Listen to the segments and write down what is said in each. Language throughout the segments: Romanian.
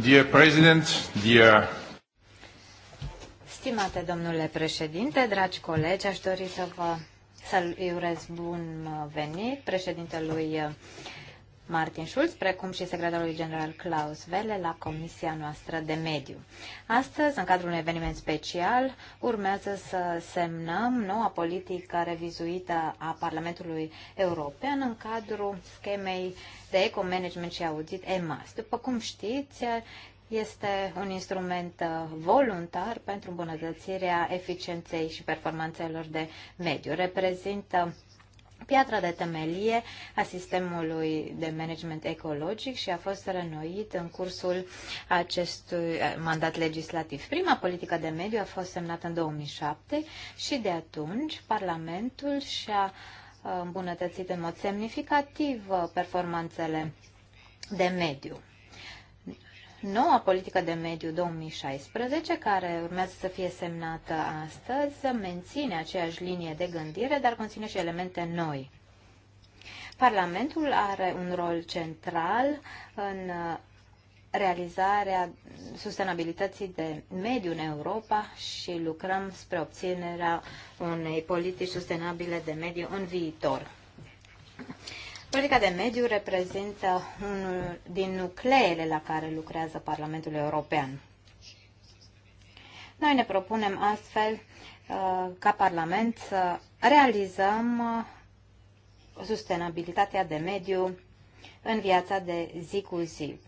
Dear President, dear... Stimate domnule președinte, dragi colegi, aș dori să vă să-i urez bun venit președintelui Martin Schulz, precum și secretarului general Klaus Welle la Comisia noastră de Mediu. Astăzi, în cadrul unui eveniment special, urmează să semnăm noua politică revizuită a Parlamentului European în cadrul schemei de eco-management și audit EMAS. După cum știți, este un instrument uh, voluntar pentru îmbunătățirea eficienței și performanțelor de mediu. Reprezintă piatra de temelie a sistemului de management ecologic și a fost rănuit în cursul acestui eh, mandat legislativ. Prima politică de mediu a fost semnată în 2007 și de atunci Parlamentul și-a eh, îmbunătățit în mod semnificativ eh, performanțele de mediu noua politică de mediu 2016, care urmează să fie semnată astăzi, menține aceeași linie de gândire, dar conține și elemente noi. Parlamentul are un rol central în realizarea sustenabilității de mediu în Europa și lucrăm spre obținerea unei politici sustenabile de mediu în viitor. Politica de mediu reprezintă unul din nucleele la care lucrează Parlamentul European. Noi ne propunem astfel uh, ca Parlament să realizăm uh, sustenabilitatea de mediu în viața de zi cu zi.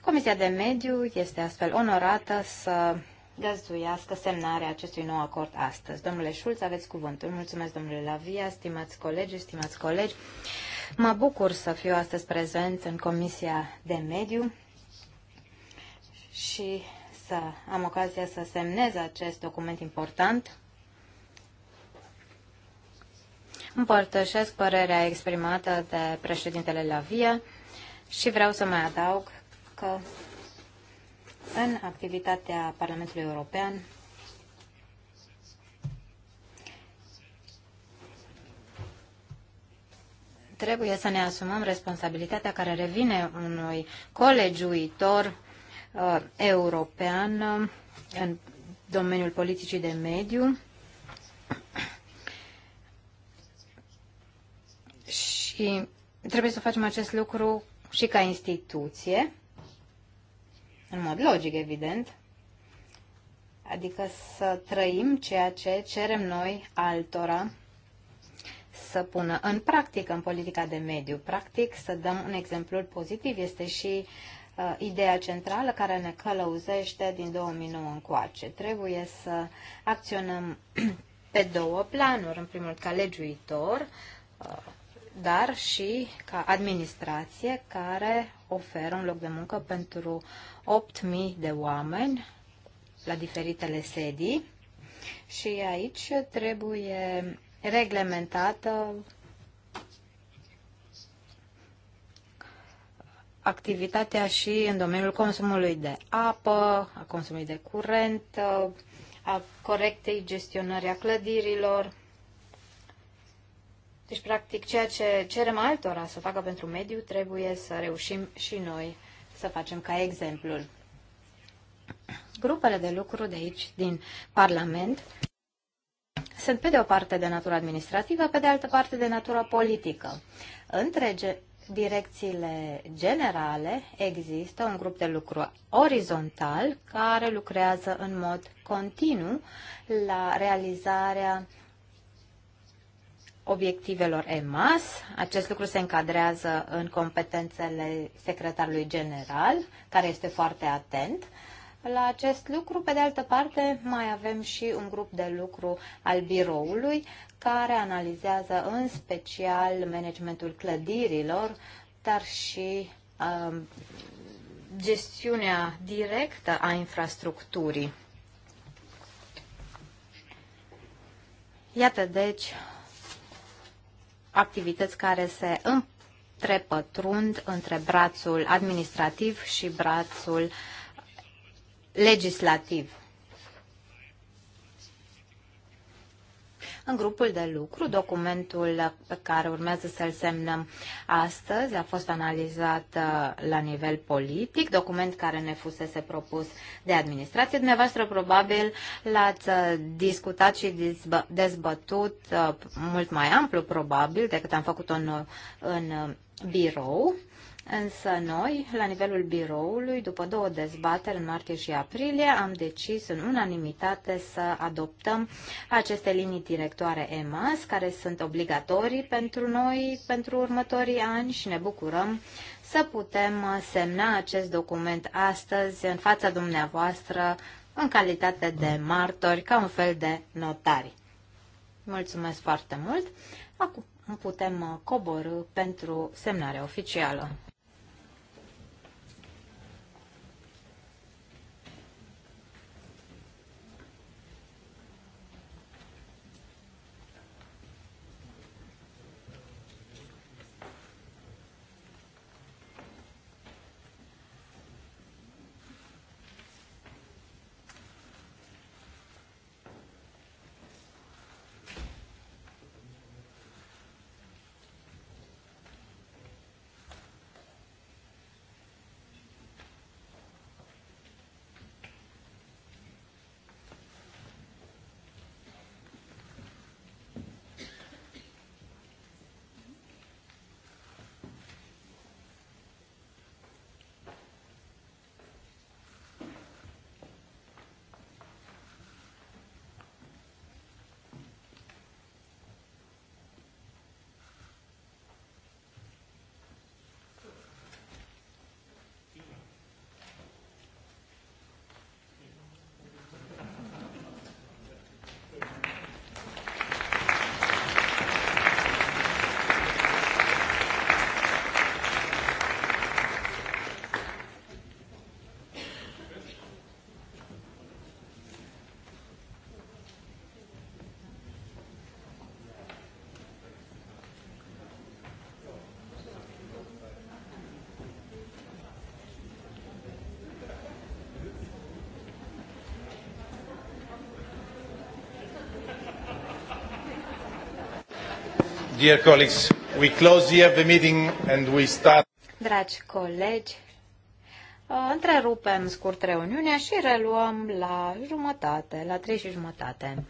Comisia de Mediu este astfel onorată să găzduiască semnarea acestui nou acord astăzi. Domnule Schulz, aveți cuvântul. Mulțumesc, domnule Lavia, stimați colegi, stimați colegi. Mă bucur să fiu astăzi prezent în Comisia de Mediu și să am ocazia să semnez acest document important. Împărtășesc părerea exprimată de președintele Lavia și vreau să mai adaug că în activitatea Parlamentului European trebuie să ne asumăm responsabilitatea care revine unui colegiuitor uh, european uh, în domeniul politicii de mediu și trebuie să facem acest lucru și ca instituție, în mod logic, evident, adică să trăim ceea ce cerem noi altora să pună în practică în politica de mediu. Practic, să dăm un exemplu pozitiv este și uh, ideea centrală care ne călăuzește din 2009 încoace. Trebuie să acționăm pe două planuri. În primul ca legiuitor, uh, dar și ca administrație care oferă un loc de muncă pentru 8.000 de oameni la diferitele sedii. Și aici trebuie reglementată activitatea și în domeniul consumului de apă, a consumului de curent, a corectei gestionări a clădirilor. Deci, practic, ceea ce cerem altora să facă pentru mediu, trebuie să reușim și noi să facem ca exemplul. Grupele de lucru de aici, din Parlament, sunt pe de o parte de natură administrativă, pe de altă parte de natură politică. Între direcțiile generale există un grup de lucru orizontal care lucrează în mod continuu la realizarea obiectivelor EMAS. Acest lucru se încadrează în competențele secretarului general, care este foarte atent la acest lucru. Pe de altă parte, mai avem și un grup de lucru al biroului care analizează în special managementul clădirilor, dar și uh, gestiunea directă a infrastructurii. Iată, deci, activități care se întrepătrund între brațul administrativ și brațul uh, legislativ. În grupul de lucru, documentul pe care urmează să-l semnăm astăzi a fost analizat uh, la nivel politic, document care ne fusese propus de administrație. Dumneavoastră probabil l-ați uh, discutat și dezbătut uh, mult mai amplu, probabil, decât am făcut-o în, în birou. Însă noi, la nivelul biroului, după două dezbateri în martie și aprilie, am decis în unanimitate să adoptăm aceste linii directoare EMAS, care sunt obligatorii pentru noi pentru următorii ani și ne bucurăm să putem semna acest document astăzi în fața dumneavoastră în calitate de martori, ca un fel de notari. Mulțumesc foarte mult! Acum putem coborâ pentru semnarea oficială. Dear colleagues, we close here the meeting and we start. Dragi colegi, uh, întrerupem scurt reuniunea și reluăm la jumătate, la trei și jumătate.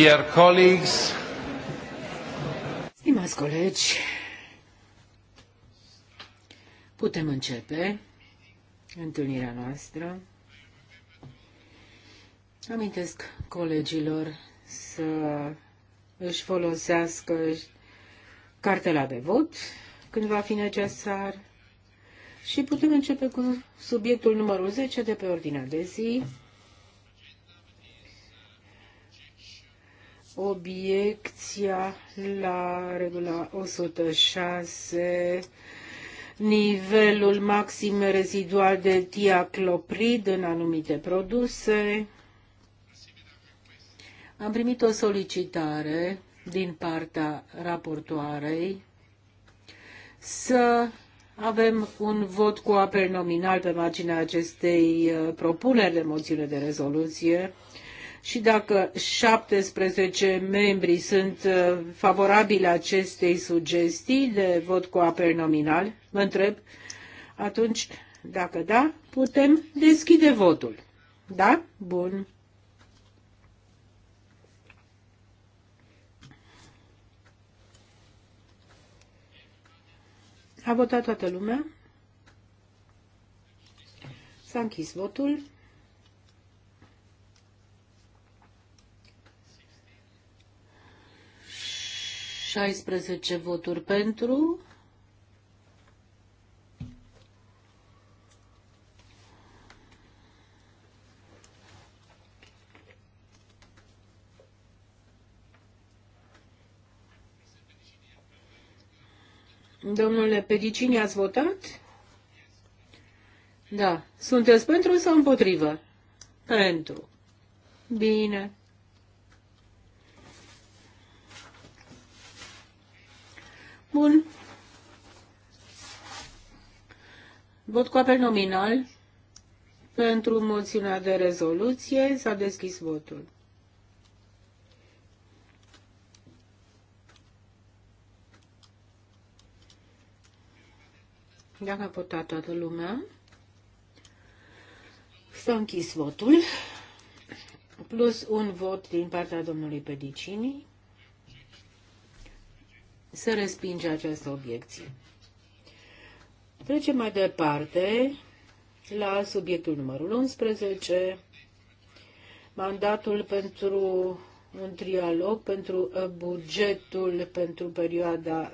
Dear colleagues, Stimați colegi, putem începe întâlnirea noastră. Amintesc colegilor să își folosească cartela de vot când va fi necesar și putem începe cu subiectul numărul 10 de pe ordinea de zi, obiecția la regula 106 nivelul maxim rezidual de tiacloprid în anumite produse. Am primit o solicitare din partea raportoarei să avem un vot cu apel nominal pe marginea acestei uh, propuneri de moțiune de rezoluție și dacă 17 membri sunt uh, favorabili acestei sugestii de vot cu apel nominal, mă întreb, atunci, dacă da, putem deschide votul. Da? Bun. A votat toată lumea? S-a închis votul. 16 voturi pentru. Domnule Pedicini, ați votat? Da. Sunteți pentru sau împotrivă? Pentru. Bine. Bun. Vot cu apel nominal pentru moțiunea de rezoluție. S-a deschis votul. Dacă a votat toată lumea, s-a închis votul, plus un vot din partea domnului Pedicini se respinge această obiecție. Trecem mai departe la subiectul numărul 11, mandatul pentru un trialog pentru uh, bugetul pentru perioada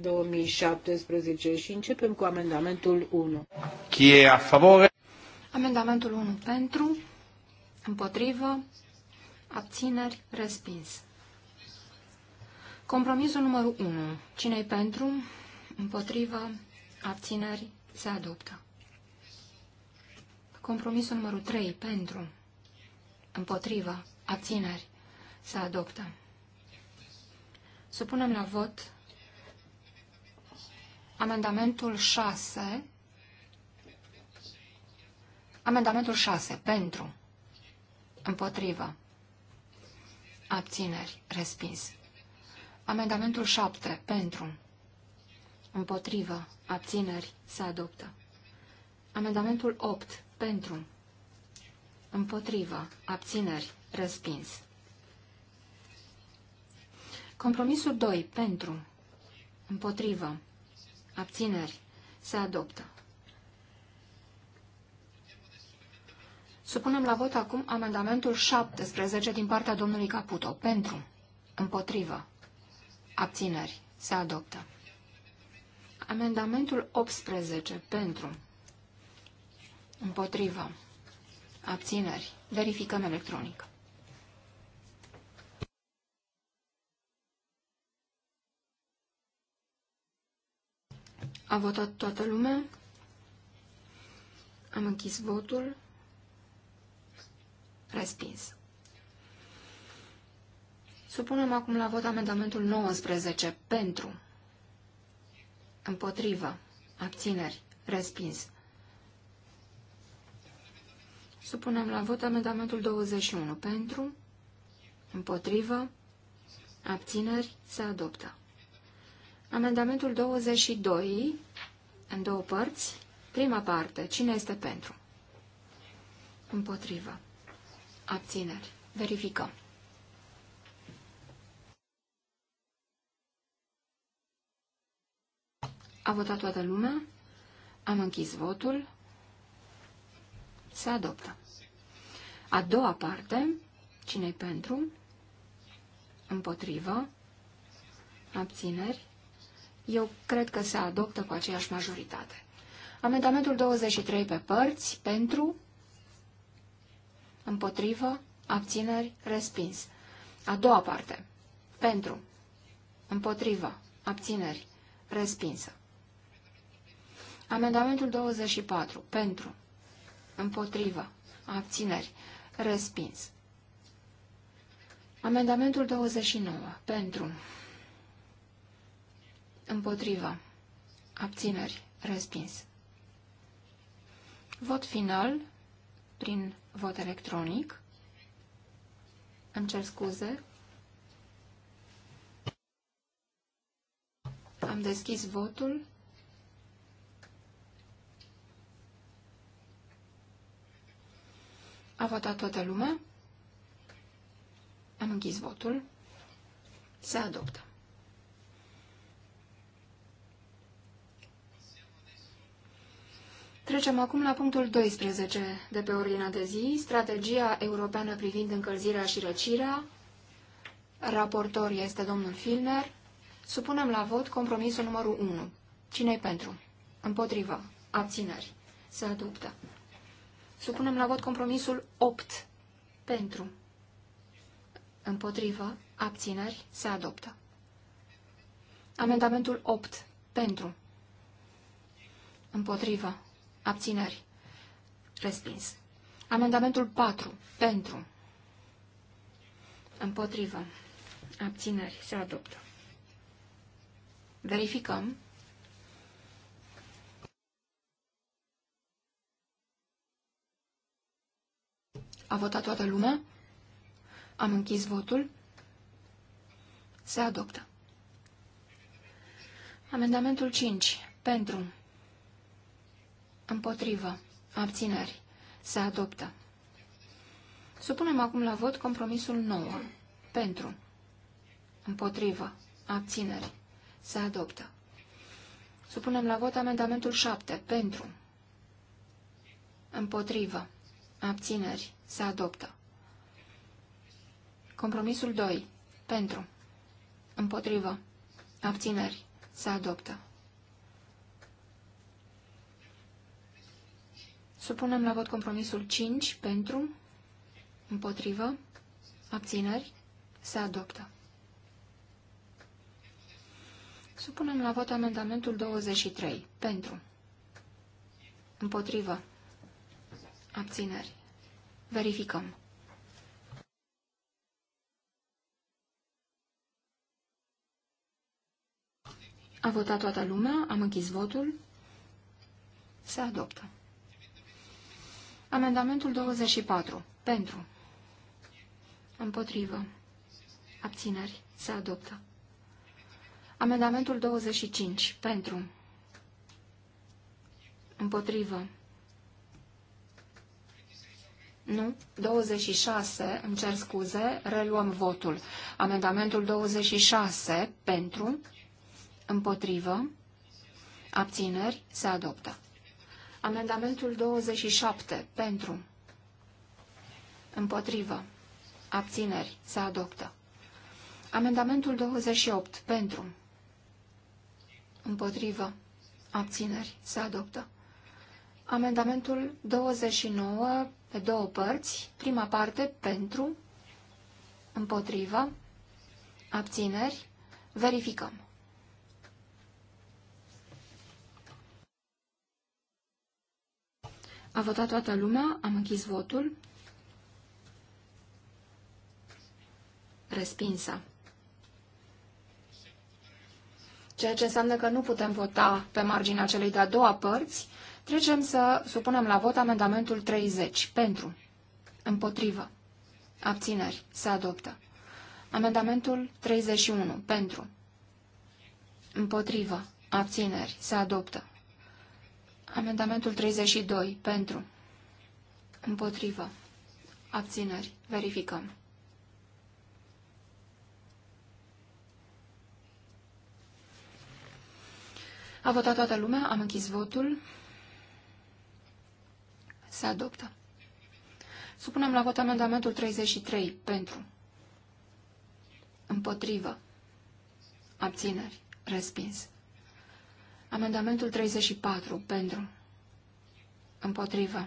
2017 uh, și începem cu amendamentul 1. Chi e a favore? Amendamentul 1 pentru, împotrivă, abțineri, respins. Compromisul numărul 1. cine e pentru? Împotrivă? Abțineri? Se adoptă. Compromisul numărul 3. Pentru? Împotrivă? Abțineri? Se adoptă. Supunem la vot amendamentul 6. Amendamentul 6. Pentru? Împotrivă? Abțineri? Respins. Amendamentul 7. Pentru. Împotrivă. Abțineri. Se adoptă. Amendamentul 8. Pentru. Împotrivă. Abțineri. Respins. Compromisul 2. Pentru. Împotrivă. Abțineri. Se adoptă. Supunem la vot acum amendamentul 17 din partea domnului Caputo. Pentru. Împotrivă. Abțineri. Se adoptă. Amendamentul 18. Pentru. Împotrivă. Abțineri. Verificăm electronic. A votat toată lumea. Am închis votul. Respins. Supunem acum la vot amendamentul 19. Pentru. Împotrivă. Abțineri. Respins. Supunem la vot amendamentul 21. Pentru. Împotrivă. Abțineri. Se adoptă. Amendamentul 22. În două părți. Prima parte. Cine este pentru? Împotrivă. Abțineri. Verificăm. A votat toată lumea. Am închis votul. Se adoptă. A doua parte, cine pentru? Împotrivă? Abțineri? Eu cred că se adoptă cu aceeași majoritate. Amendamentul 23 pe părți, pentru, împotrivă, abțineri, respins. A doua parte, pentru, împotrivă, abțineri, respinsă. Amendamentul 24. Pentru. Împotrivă. Abțineri. Respins. Amendamentul 29. Pentru. Împotrivă. Abțineri. Respins. Vot final prin vot electronic. Îmi cer scuze. Am deschis votul. A votat toată lumea. Am închis votul. Se adoptă. Trecem acum la punctul 12 de pe ordinea de zi, strategia europeană privind încălzirea și răcirea. Raportor este domnul Filner. Supunem la vot compromisul numărul 1. Cine-i pentru? Împotriva. Abțineri. Se adoptă. Supunem la vot compromisul 8. Pentru. Împotrivă. Abțineri. Se adoptă. Amendamentul 8. Pentru. Împotrivă. Abțineri. Respins. Amendamentul 4. Pentru. Împotrivă. Abțineri. Se adoptă. Verificăm. A votat toată lumea? Am închis votul. Se adoptă. Amendamentul 5. Pentru. Împotrivă. Abțineri. Se adoptă. Supunem acum la vot compromisul 9. Pentru. Împotrivă. Abțineri. Se adoptă. Supunem la vot amendamentul 7. Pentru. Împotrivă. Abțineri. Se adoptă. Compromisul 2. Pentru. Împotrivă. Abțineri. Se adoptă. Supunem la vot compromisul 5. Pentru. Împotrivă. Abțineri. Se adoptă. Supunem la vot amendamentul 23. Pentru. Împotrivă abțineri. Verificăm. A votat toată lumea, am închis votul, se adoptă. Amendamentul 24. Pentru. Împotrivă. Abțineri. Se adoptă. Amendamentul 25. Pentru. Împotrivă. Nu? 26, îmi cer scuze, reluăm votul. Amendamentul 26, pentru, împotrivă, abțineri, se adoptă. Amendamentul 27, pentru, împotrivă, abțineri, se adoptă. Amendamentul 28, pentru, împotrivă, abțineri, se adoptă. Amendamentul 29, pe două părți. Prima parte pentru, împotrivă, abțineri, verificăm. A votat toată lumea, am închis votul. Respinsă. Ceea ce înseamnă că nu putem vota pe marginea celei de-a doua părți, Trecem să supunem la vot amendamentul 30. Pentru. Împotrivă. Abțineri. Se adoptă. Amendamentul 31. Pentru. Împotrivă. Abțineri. Se adoptă. Amendamentul 32. Pentru. Împotrivă. Abțineri. Verificăm. A votat toată lumea, am închis votul. Se adoptă. Supunem la vot amendamentul 33. Pentru. Împotrivă. Abțineri. Respins. Amendamentul 34. Pentru. Împotrivă.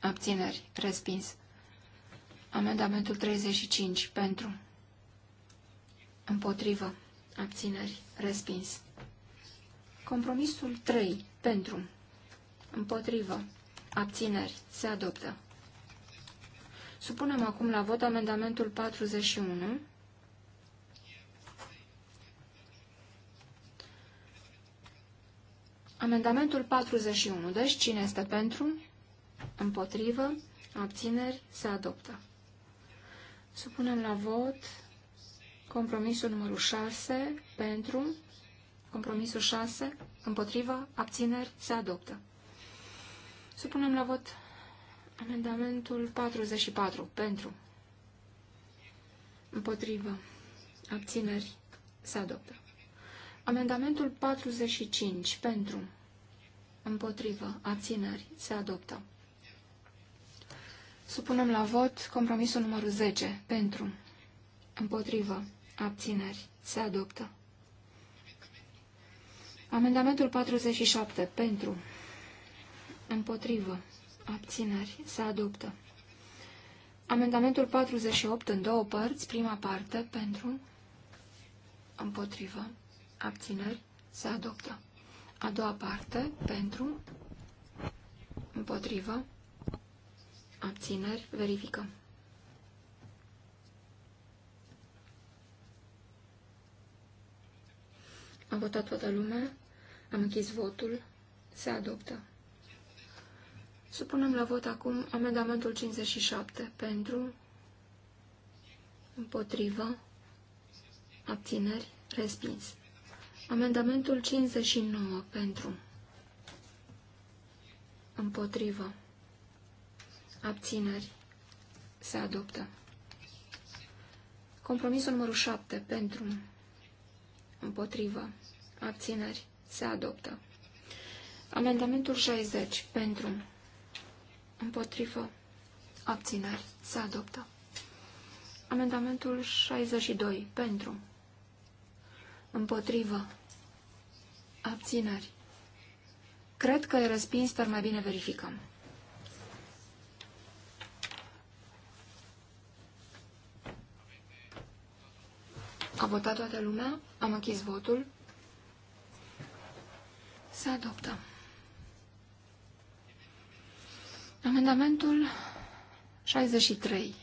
Abțineri. Respins. Amendamentul 35. Pentru. Împotrivă. Abțineri. Respins. Compromisul 3. Pentru. Împotrivă. Abțineri. Se adoptă. Supunem acum la vot amendamentul 41. Amendamentul 41. Deci, cine este pentru? Împotrivă? Abțineri? Se adoptă. Supunem la vot compromisul numărul 6, pentru, compromisul 6, împotriva, abțineri, se adoptă. Supunem la vot amendamentul 44. Pentru. Împotrivă. Abțineri. Se adoptă. Amendamentul 45. Pentru. Împotrivă. Abțineri. Se adoptă. Supunem la vot compromisul numărul 10. Pentru. Împotrivă. Abțineri. Se adoptă. Amendamentul 47. Pentru. Împotrivă. Abțineri. Se adoptă. Amendamentul 48 în două părți, prima parte, pentru, împotrivă, abțineri, se adoptă. A doua parte, pentru, împotrivă, abțineri, verificăm. Am votat toată lumea, am închis votul, se adoptă. Supunem la vot acum amendamentul 57 pentru, împotrivă, abțineri, respins. Amendamentul 59 pentru, împotrivă, abțineri, se adoptă. Compromisul numărul 7 pentru, împotrivă, abțineri, se adoptă. Amendamentul 60 pentru, Împotrivă. Abțineri. Se adoptă. Amendamentul 62. Pentru. Împotrivă. Abțineri. Cred că e respins, dar mai bine verificăm. A votat toată lumea? Am închis votul? Se adoptăm. Amendamentul 63.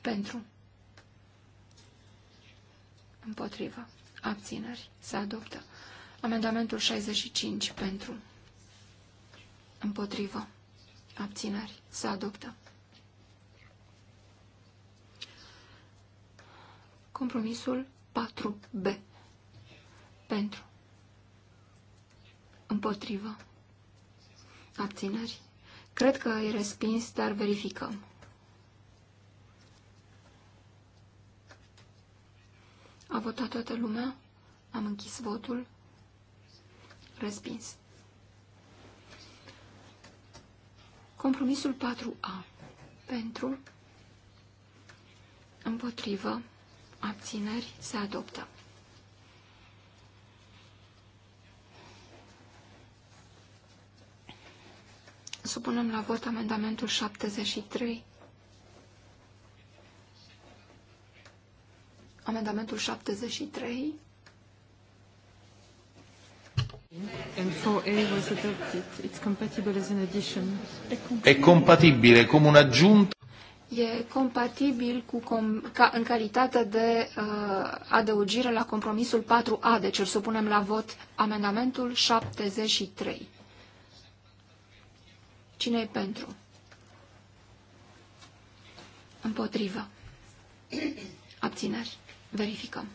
Pentru. Împotrivă. Abțineri. Se adoptă. Amendamentul 65. Pentru. Împotrivă. Abțineri. Se adoptă. Compromisul 4B. Pentru. Împotrivă. Abțineri. Cred că e respins, dar verificăm. A votat toată lumea? Am închis votul? Respins. Compromisul 4A. Pentru, împotrivă, abțineri, se adoptă. supunem la vot amendamentul 73. Amendamentul 73. E compatibil, e was adopted. It's E compatibil cu com, ca, în calitate de uh, adăugire la compromisul 4A, deci îl supunem la vot amendamentul 73 cine e pentru? Împotrivă. Abțineri. Verificăm.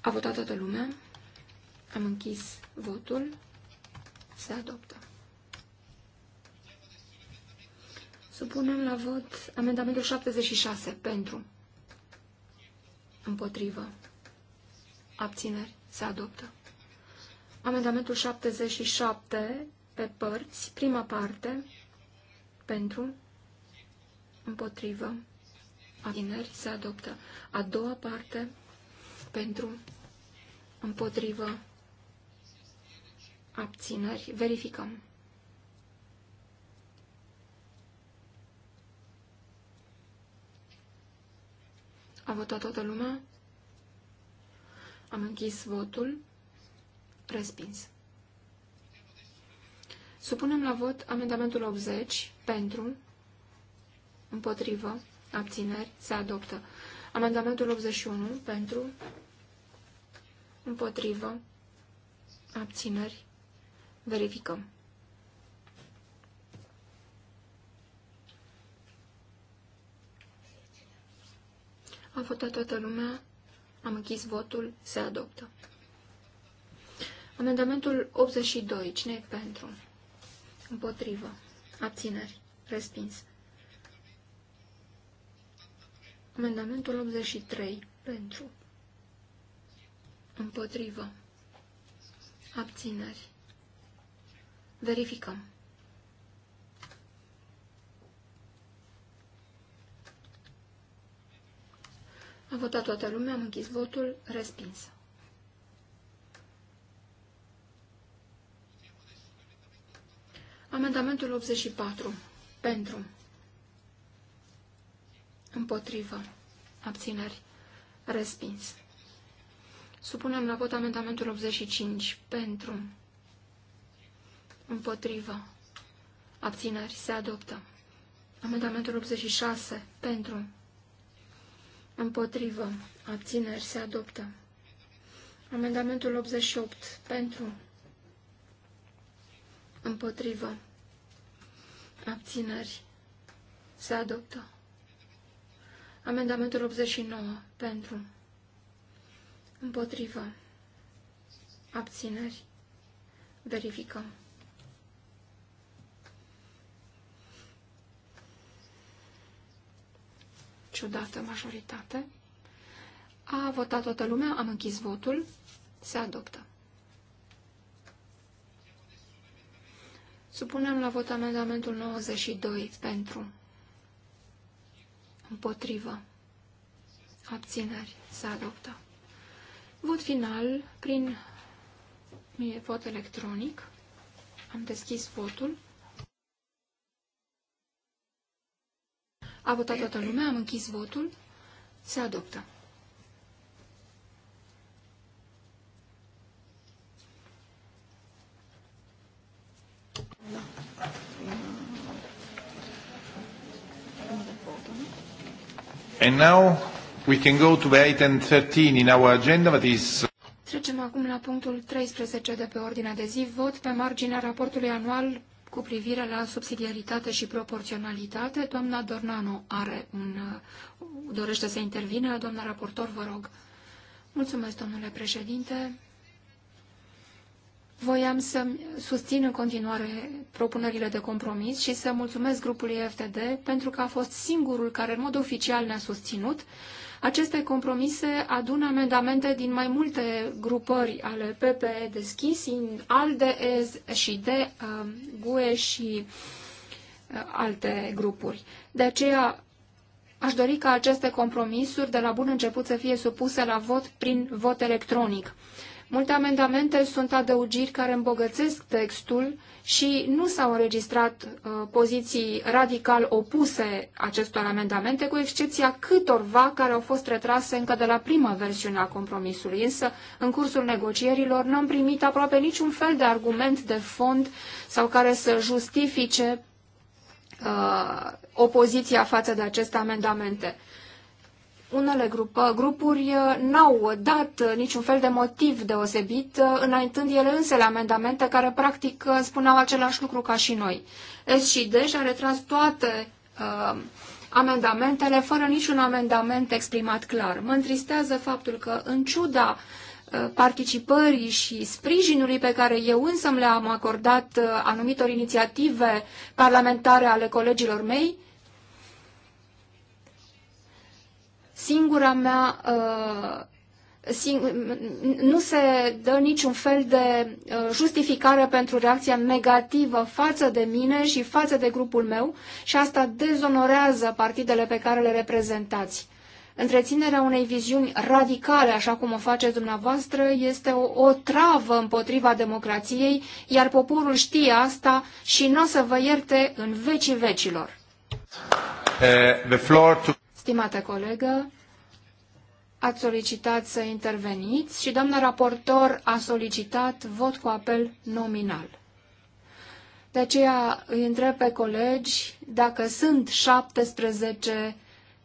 A votat toată lumea. Am închis votul. Se adoptă. Supunem la vot amendamentul 76 pentru. Împotrivă. Abțineri. Se adoptă. Amendamentul 77 pe părți, prima parte, pentru, împotrivă, abțineri, se adoptă. A doua parte, pentru, împotrivă, abțineri, verificăm. A votat toată lumea? Am închis votul. Respins. Supunem la vot amendamentul 80 pentru, împotrivă, abțineri, se adoptă. Amendamentul 81 pentru, împotrivă, abțineri, verificăm. A votat toată lumea. Am închis votul. Se adoptă. Amendamentul 82. Cine e pentru? Împotrivă. Abțineri. Respins. Amendamentul 83. Pentru. Împotrivă. Abțineri. Verificăm. A votat toată lumea, am închis votul, respinsă. Amendamentul 84. Pentru. Împotrivă. Abțineri. Respins. Supunem la vot amendamentul 85. Pentru. Împotrivă. Abțineri. Se adoptă. Amendamentul 86. Pentru. Împotrivă. Abțineri se adoptă. Amendamentul 88. Pentru. Împotrivă. Abțineri. Se adoptă. Amendamentul 89. Pentru. Împotrivă. Abțineri. Verificăm. ciudată majoritate. A votat toată lumea, am închis votul, se adoptă. Supunem la vot amendamentul 92 pentru, împotrivă, abțineri, se adoptă. Vot final prin vot electronic. Am deschis votul. A votat toată lumea, am închis votul, se adoptă. And now we can go to item 13 in our agenda that is uh, Trecem acum la punctul 13 de pe ordinea de zi, vot pe marginea raportului anual cu privire la subsidiaritate și proporționalitate. Doamna Dornano are un, uh, dorește să intervină. Doamna raportor, vă rog. Mulțumesc, domnule președinte. Voiam să susțin în continuare propunerile de compromis și să mulțumesc grupului FTD pentru că a fost singurul care în mod oficial ne-a susținut aceste compromise adună amendamente din mai multe grupări ale PPE deschis, ALDE și de um, GUE și uh, alte grupuri. De aceea aș dori ca aceste compromisuri de la bun început să fie supuse la vot prin vot electronic. Multe amendamente sunt adăugiri care îmbogățesc textul și nu s-au înregistrat uh, poziții radical opuse acestor amendamente, cu excepția câtorva care au fost retrase încă de la prima versiune a compromisului. Însă, în cursul negocierilor, n-am primit aproape niciun fel de argument de fond sau care să justifice uh, opoziția față de aceste amendamente unele grupă, grupuri uh, n-au dat uh, niciun fel de motiv deosebit, uh, înaintând ele însele amendamente care practic spuneau același lucru ca și noi. S și D și-a retras toate uh, amendamentele fără niciun amendament exprimat clar. Mă întristează faptul că, în ciuda participării și sprijinului pe care eu însă le-am acordat anumitor inițiative parlamentare ale colegilor mei, singura mea uh, nu se dă niciun fel de uh, justificare pentru reacția negativă față de mine și față de grupul meu și asta dezonorează partidele pe care le reprezentați. Întreținerea unei viziuni radicale, așa cum o faceți dumneavoastră, este o, o travă împotriva democrației, iar poporul știe asta și nu o să vă ierte în vecii vecilor. Uh, the floor to... Stimată colegă, ați solicitat să interveniți și doamna raportor a solicitat vot cu apel nominal. De aceea îi întreb pe colegi dacă sunt 17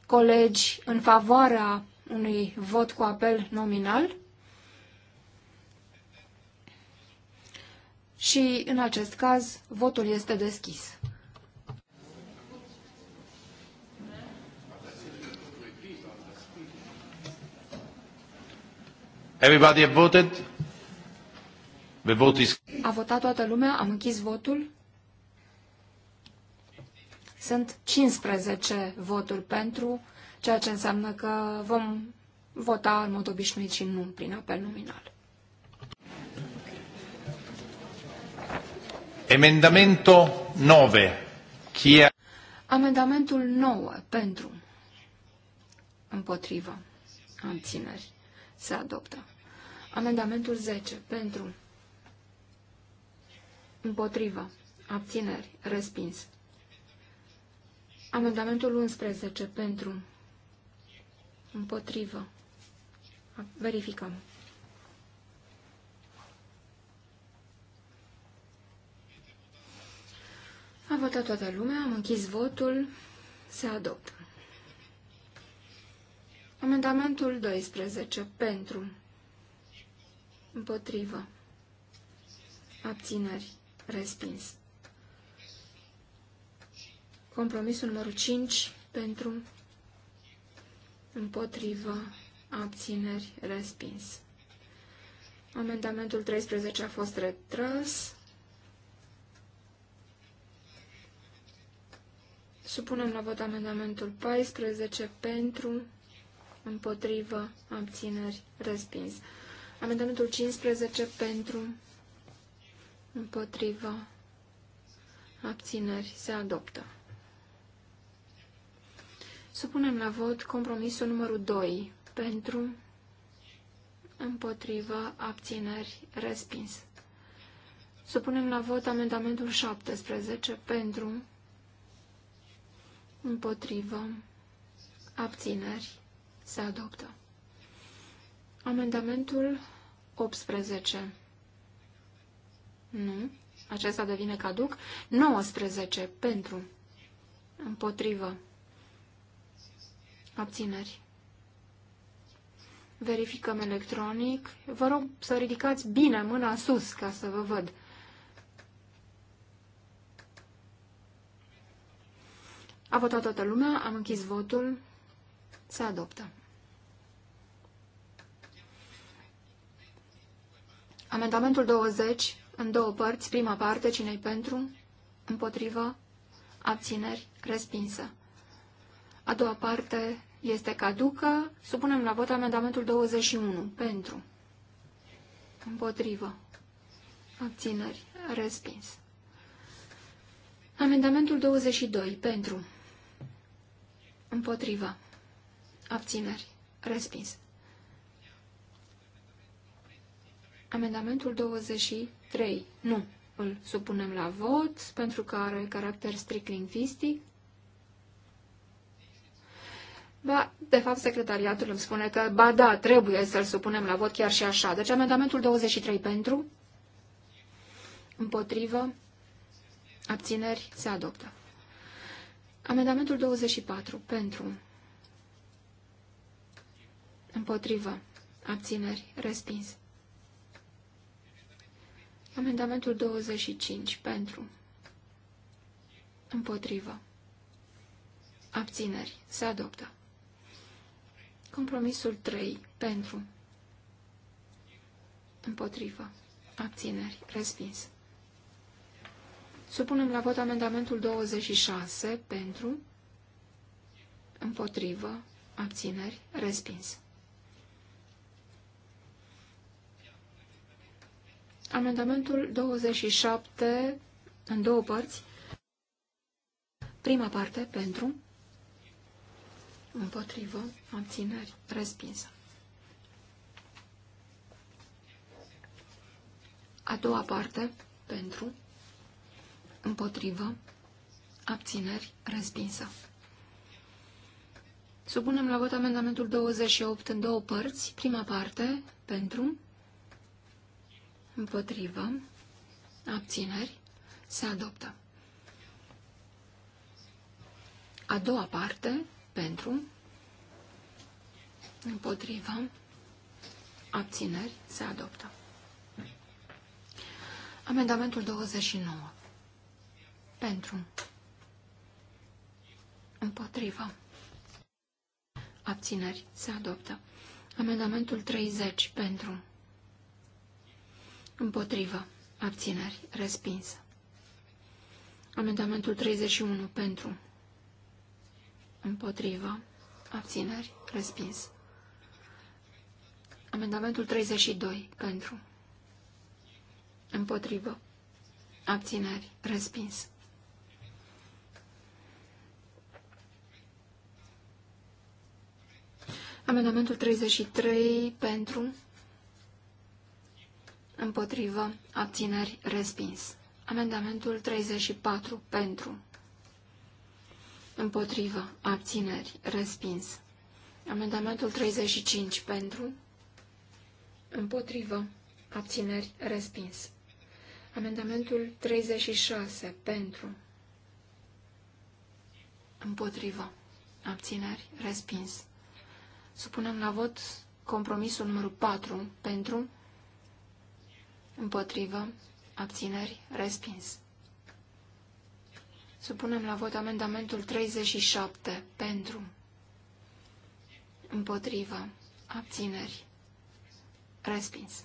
colegi în favoarea unui vot cu apel nominal. Și în acest caz, votul este deschis. Everybody have voted? The vote is... A votat toată lumea? Am închis votul? Sunt 15 voturi pentru, ceea ce înseamnă că vom vota în mod obișnuit și nu prin apel nominal. Emendamento 9. Chia... Amendamentul 9 pentru împotrivă abțineri se adoptă. Amendamentul 10. Pentru. Împotrivă. Abțineri. Respins. Amendamentul 11. Pentru. Împotrivă. Verificăm. A votat toată lumea, am închis votul, se adoptă. Amendamentul 12. Pentru. Împotrivă. Abțineri. Respins. Compromisul numărul 5 pentru împotrivă abțineri respins. Amendamentul 13 a fost retras. Supunem la vot amendamentul 14 pentru împotrivă abțineri respins. Amendamentul 15 pentru împotrivă abțineri se adoptă. Supunem la vot compromisul numărul 2 pentru împotrivă abțineri respins. Supunem la vot amendamentul 17 pentru împotrivă abțineri se adoptă. Amendamentul 18. Nu. Acesta devine caduc. 19. Pentru. Împotrivă. Abțineri. Verificăm electronic. Vă rog să ridicați bine mâna sus ca să vă văd. A votat toată lumea, am închis votul, se adoptă. Amendamentul 20, în două părți, prima parte, cine-i pentru, împotrivă, abțineri, respinsă. A doua parte este caducă, supunem la vot amendamentul 21, pentru, împotrivă, abțineri, respins. Amendamentul 22, pentru, împotrivă, abțineri, respins. Amendamentul 23. Nu. Îl supunem la vot pentru că are caracter strict lingvistic. Ba, de fapt, secretariatul îmi spune că, ba da, trebuie să-l supunem la vot chiar și așa. Deci amendamentul 23 pentru, împotrivă, abțineri, se adoptă. Amendamentul 24 pentru, împotrivă, abțineri, respins. Amendamentul 25. Pentru. Împotrivă. Abțineri. Se adoptă. Compromisul 3. Pentru. Împotrivă. Abțineri. Respins. Supunem la vot amendamentul 26. Pentru. Împotrivă. Abțineri. Respins. Amendamentul 27 în două părți. Prima parte pentru, împotrivă, abțineri, respinsă. A doua parte pentru, împotrivă, abțineri, respinsă. Supunem la vot amendamentul 28 în două părți. Prima parte pentru, împotrivă, abțineri, se adoptă. A doua parte, pentru, împotrivă, abțineri, se adoptă. Amendamentul 29. Pentru. Împotrivă. Abțineri. Se adoptă. Amendamentul 30. Pentru. Împotrivă. Abțineri. Respinsă. Amendamentul 31. Pentru. Împotrivă. Abțineri. Respins. Amendamentul 32. Pentru. Împotrivă. Abțineri. Respins. Amendamentul 33. Pentru. Împotrivă. Abțineri. Respins. Amendamentul 34. Pentru. Împotrivă. Abțineri. Respins. Amendamentul 35. Pentru. Împotrivă. Abțineri. Respins. Amendamentul 36. Pentru. Împotrivă. Abțineri. Respins. Supunem la vot compromisul numărul 4. Pentru. Împotrivă. Abțineri. Respins. Supunem la vot amendamentul 37. Pentru. Împotrivă. Abțineri. Respins.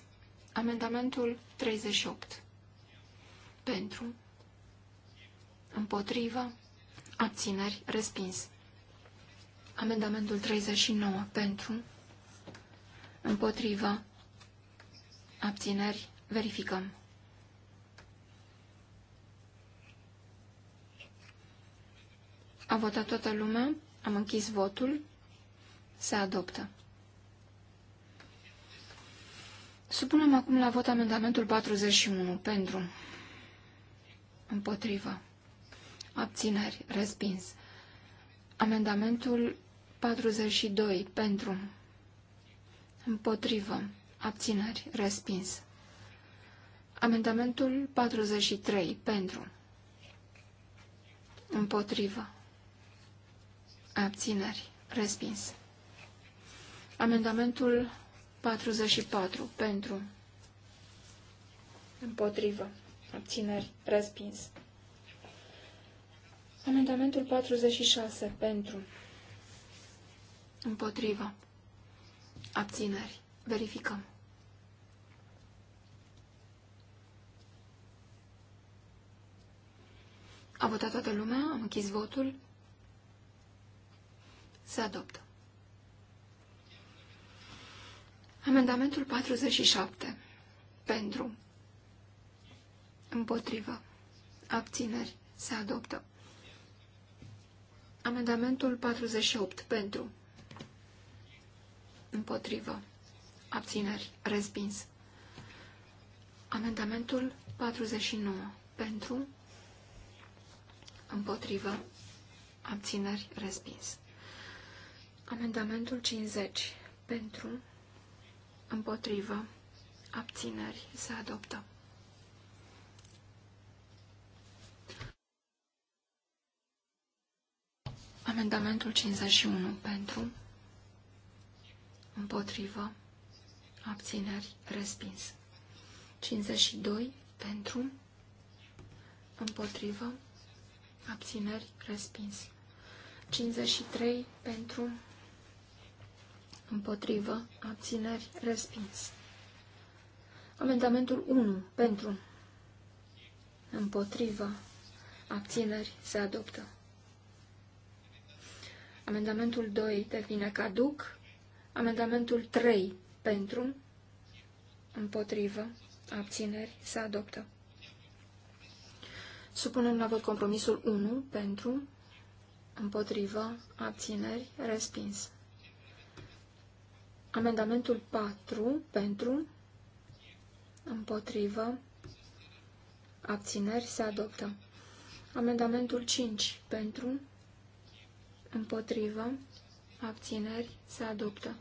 Amendamentul 38. Pentru. Împotrivă. Abțineri. Respins. Amendamentul 39. Pentru. Împotrivă. Abțineri. Verificăm. A votat toată lumea, am închis votul, se adoptă. Supunem acum la vot amendamentul 41 pentru, împotrivă, abțineri, respins. Amendamentul 42 pentru, împotrivă, abțineri, respins. Amendamentul 43. Pentru. Împotrivă. Abțineri. Respins. Amendamentul 44. Pentru. Împotrivă. Abțineri. Respins. Amendamentul 46. Pentru. Împotrivă. Abțineri. Verificăm. A votat toată lumea? Am închis votul? Se adoptă. Amendamentul 47. Pentru. Împotrivă. Abțineri. Se adoptă. Amendamentul 48. Pentru. Împotrivă. Abțineri. Respins. Amendamentul 49. Pentru împotrivă, abțineri, respins. Amendamentul 50, pentru, împotrivă, abțineri, se adoptă. Amendamentul 51, pentru, împotrivă, abțineri, respins. 52, pentru, împotrivă, abțineri, respins. 53 pentru, împotrivă, abțineri, respins. Amendamentul 1 pentru, împotrivă, abțineri, se adoptă. Amendamentul 2 devine caduc. Amendamentul 3 pentru, împotrivă, abțineri, se adoptă. Supunem la vot compromisul 1 pentru, împotrivă, abțineri, respins. Amendamentul 4 pentru, împotrivă, abțineri, se adoptă. Amendamentul 5 pentru, împotrivă, abțineri, se adoptă.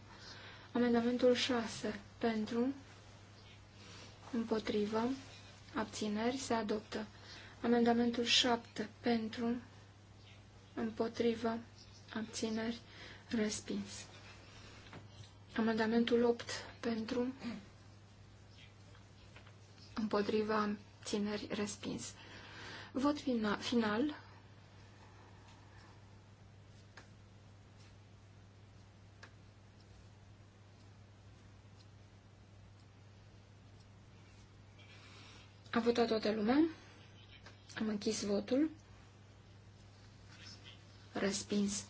Amendamentul 6 pentru, împotrivă, abțineri, se adoptă. Amendamentul 7 pentru, împotrivă, abțineri, respins. Amendamentul 8 pentru, împotriva, abțineri, respins. Vot final. A votat toată lumea. Am închis votul. Răspins.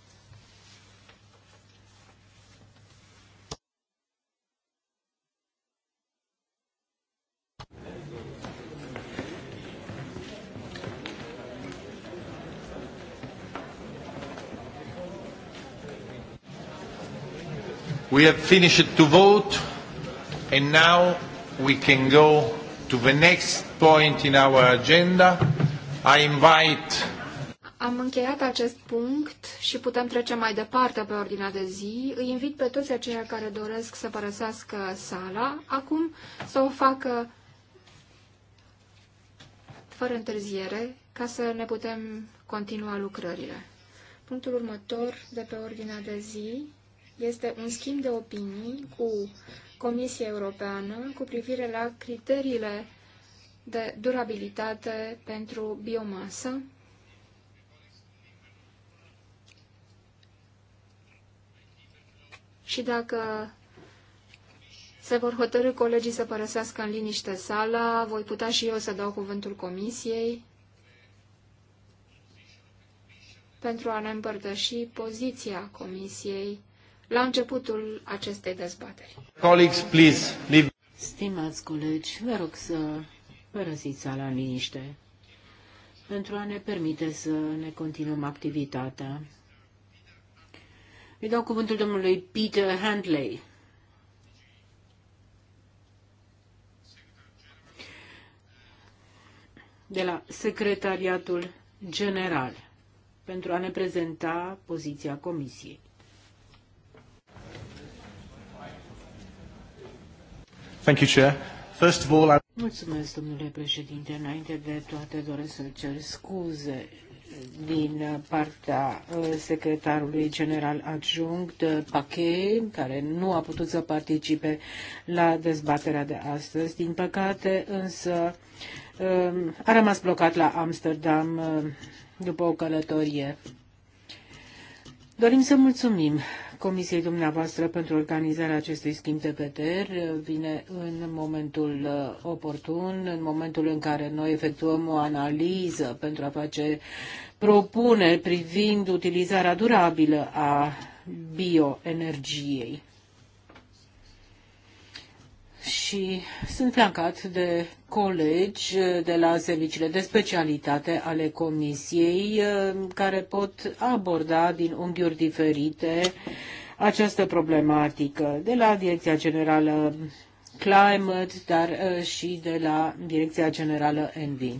We have finished to vote and now we can go to the next point in our agenda. I invite... Am încheiat acest punct și putem trece mai departe pe ordinea de zi. Îi invit pe toți aceia care doresc să părăsească sala, acum să o facă fără întârziere, ca să ne putem continua lucrările. Punctul următor de pe ordinea de zi este un schimb de opinii cu Comisia Europeană cu privire la criteriile de durabilitate pentru biomasă. Și dacă se vor hotărâ colegii să părăsească în liniște sala, voi putea și eu să dau cuvântul comisiei pentru a ne împărtăși poziția comisiei la începutul acestei dezbateri. Colleagues, please, leave. Stimați colegi, vă rog să părăsi sala în liniște pentru a ne permite să ne continuăm activitatea. Îi dau cuvântul domnului Peter Handley, de la Secretariatul General, pentru a ne prezenta poziția Comisiei. Thank you, Chair. First of all, I... Mulțumesc, domnule președinte. Înainte de toate doresc să cer scuze din partea uh, secretarului general adjunct uh, Pache, care nu a putut să participe la dezbaterea de astăzi. Din păcate, însă, um, a rămas blocat la Amsterdam uh, după o călătorie. Dorim să mulțumim Comisiei dumneavoastră pentru organizarea acestui schimb de vederi. Vine în momentul uh, oportun, în momentul în care noi efectuăm o analiză pentru a face propuneri privind utilizarea durabilă a bioenergiei și sunt flancat de colegi eh, de la serviciile de specialitate ale Comisiei eh, care pot aborda din unghiuri diferite această problematică de la Direcția Generală Climate, dar eh, și de la Direcția Generală Envy.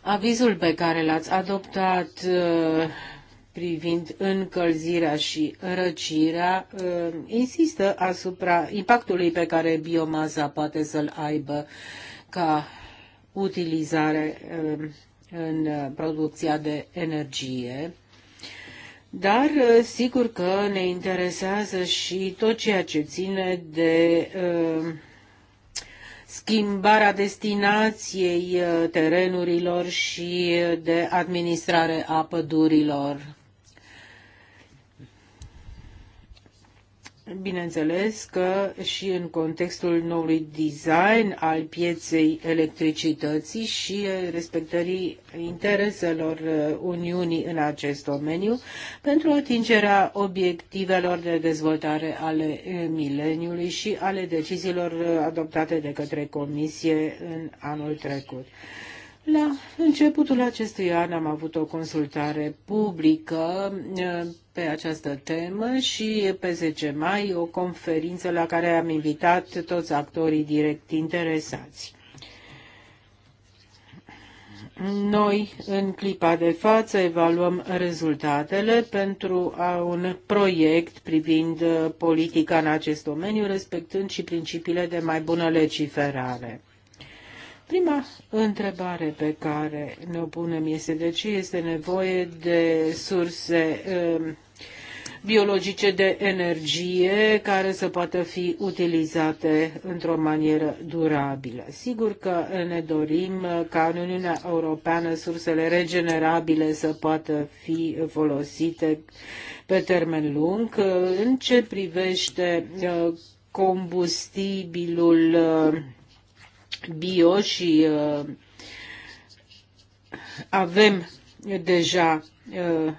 Avizul pe care l-ați adoptat privind încălzirea și răcirea uh, insistă asupra impactului pe care biomasa poate să-l aibă ca utilizare uh, în producția de energie. Dar uh, sigur că ne interesează și tot ceea ce ține de schimbarea destinației terenurilor și de administrare a pădurilor. Bineînțeles că și în contextul noului design al pieței electricității și respectării intereselor uh, Uniunii în acest domeniu pentru atingerea obiectivelor de dezvoltare ale uh, mileniului și ale deciziilor uh, adoptate de către Comisie în anul trecut. La începutul acestui an am avut o consultare publică eh, pe această temă și pe 10 mai o conferință la care am invitat toți actorii direct interesați. Noi, în clipa de față, evaluăm rezultatele pentru un proiect privind eh, politica în acest domeniu, respectând și principiile de mai bună legiferare. Prima întrebare pe care ne-o punem este de ce este nevoie de surse um, biologice de energie care să poată fi utilizate într-o manieră durabilă. Sigur că ne dorim ca în Uniunea Europeană sursele regenerabile să poată fi folosite pe termen lung. În ce privește uh, combustibilul uh, bio și uh, avem deja uh,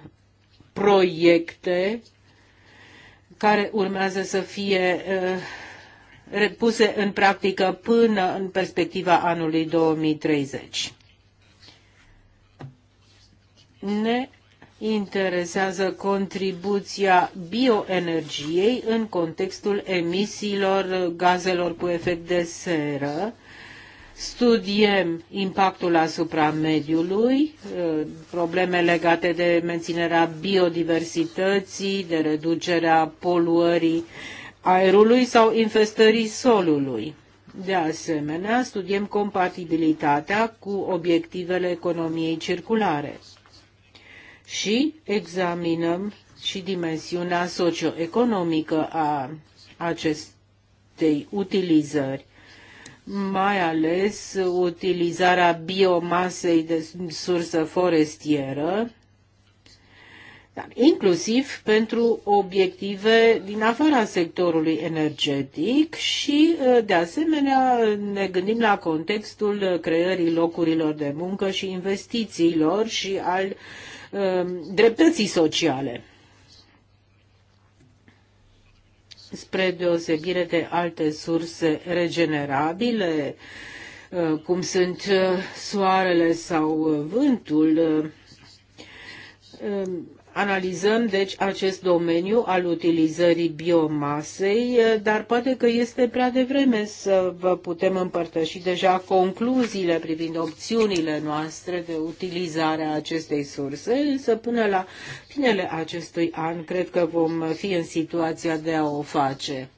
proiecte care urmează să fie uh, puse în practică până în perspectiva anului 2030. Ne interesează contribuția bioenergiei în contextul emisiilor gazelor cu efect de seră studiem impactul asupra mediului, eh, probleme legate de menținerea biodiversității, de reducerea poluării aerului sau infestării solului. De asemenea, studiem compatibilitatea cu obiectivele economiei circulare și examinăm și dimensiunea socioeconomică a acestei utilizări mai ales utilizarea biomasei de sursă forestieră, dar inclusiv pentru obiective din afara sectorului energetic și, ă, de asemenea, ne gândim la contextul creării locurilor de muncă și investițiilor și al ă, dreptății sociale. spre deosebire de alte surse regenerabile, uh, cum sunt uh, soarele sau uh, vântul, Analizăm, deci, acest domeniu al utilizării biomasei, eh, dar poate că este prea devreme să vă putem împărtăși deja concluziile privind opțiunile noastre de utilizare a acestei surse, însă până la finele acestui an cred că vom fi în situația de a o face.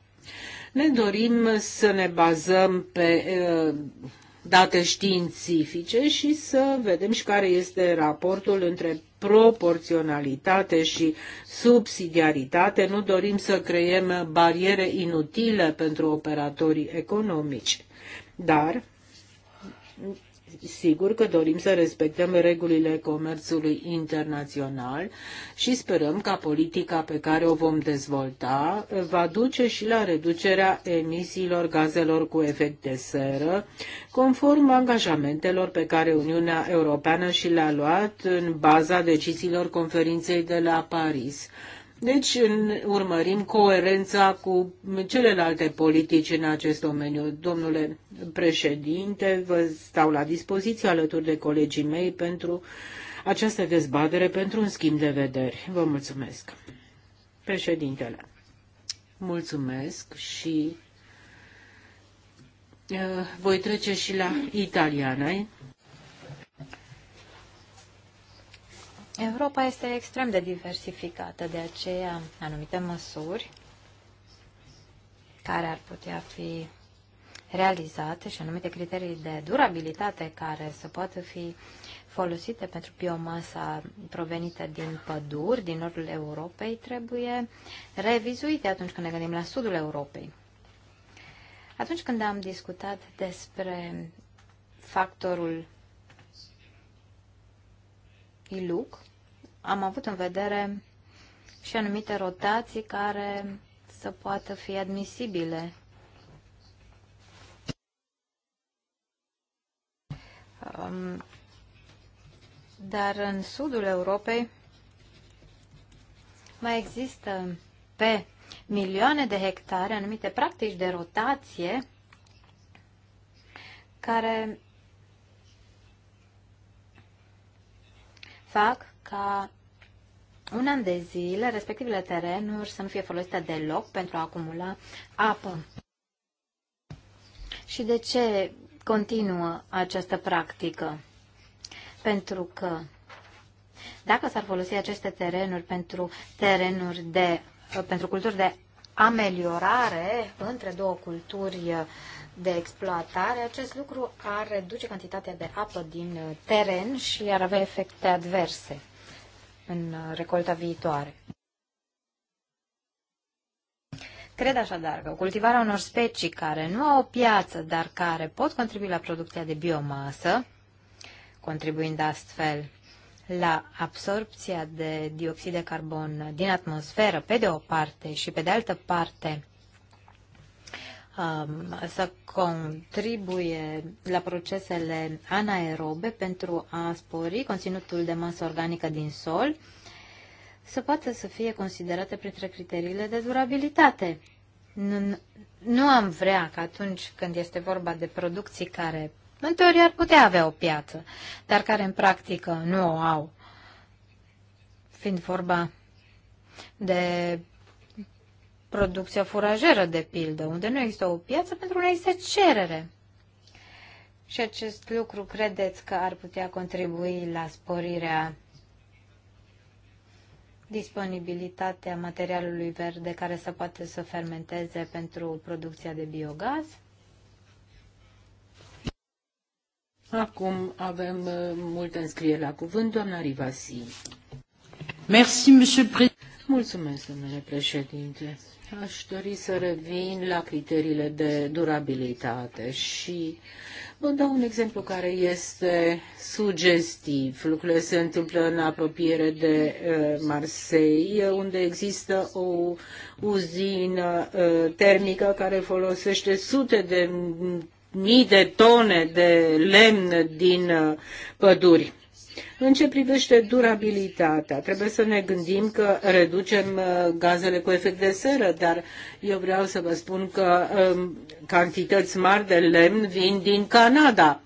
Ne dorim să ne bazăm pe eh, date științifice și să vedem și care este raportul între proporționalitate și subsidiaritate, nu dorim să creăm bariere inutile pentru operatorii economici. Dar sigur că dorim să respectăm regulile comerțului internațional și sperăm ca politica pe care o vom dezvolta uh, va duce și la reducerea emisiilor gazelor cu efect de seră, conform angajamentelor pe care Uniunea Europeană și le-a luat în baza deciziilor conferinței de la Paris. Deci urmărim coerența cu celelalte politici în acest domeniu. Domnule președinte, vă stau la dispoziție alături de colegii mei pentru această dezbatere, pentru un schimb de vederi. Vă mulțumesc. Președintele, mulțumesc și uh, voi trece și la italiană. Europa este extrem de diversificată, de aceea anumite măsuri care ar putea fi realizate și anumite criterii de durabilitate care să poată fi folosite pentru biomasa provenită din păduri, din nordul Europei, trebuie revizuite atunci când ne gândim la sudul Europei. Atunci când am discutat despre factorul ILUC, am avut în vedere și anumite rotații care să poată fi admisibile. Um, dar în sudul Europei mai există pe milioane de hectare anumite practici de rotație care fac ca un an de zile respectivele terenuri să nu fie folosite deloc pentru a acumula apă. Și de ce continuă această practică? Pentru că dacă s-ar folosi aceste terenuri pentru terenuri de pentru culturi de ameliorare între două culturi de exploatare, acest lucru ar reduce cantitatea de apă din uh, teren și ar avea efecte adverse în uh, recolta viitoare. Cred așadar că cultivarea unor specii care nu au o piață, dar care pot contribui la producția de biomasă, contribuind astfel la absorpția de dioxid de carbon din atmosferă, pe de o parte, și pe de altă parte, Um, să contribuie la procesele anaerobe pentru a spori conținutul de masă organică din sol, să poată să fie considerate printre criteriile de durabilitate. Nu, nu am vrea că atunci când este vorba de producții care, în teorie, ar putea avea o piață, dar care în practică nu o au, fiind vorba de producția furajeră, de pildă, unde nu există o piață pentru că nu există cerere. Și acest lucru credeți că ar putea contribui la sporirea disponibilitatea materialului verde care să poate să fermenteze pentru producția de biogaz? Acum avem uh, multe înscrieri la cuvânt, doamna Rivasi. Merci, monsieur Mulțumesc, domnule președinte. Aș dori să revin la criteriile de durabilitate și vă dau un exemplu care este sugestiv. Lucrurile se întâmplă în apropiere de uh, Marseille, unde există o uzină uh, termică care folosește sute de mii de tone de lemn din uh, păduri. În ce privește durabilitatea, trebuie să ne gândim că reducem uh, gazele cu efect de seră, dar eu vreau să vă spun că um, cantități mari de lemn vin din Canada.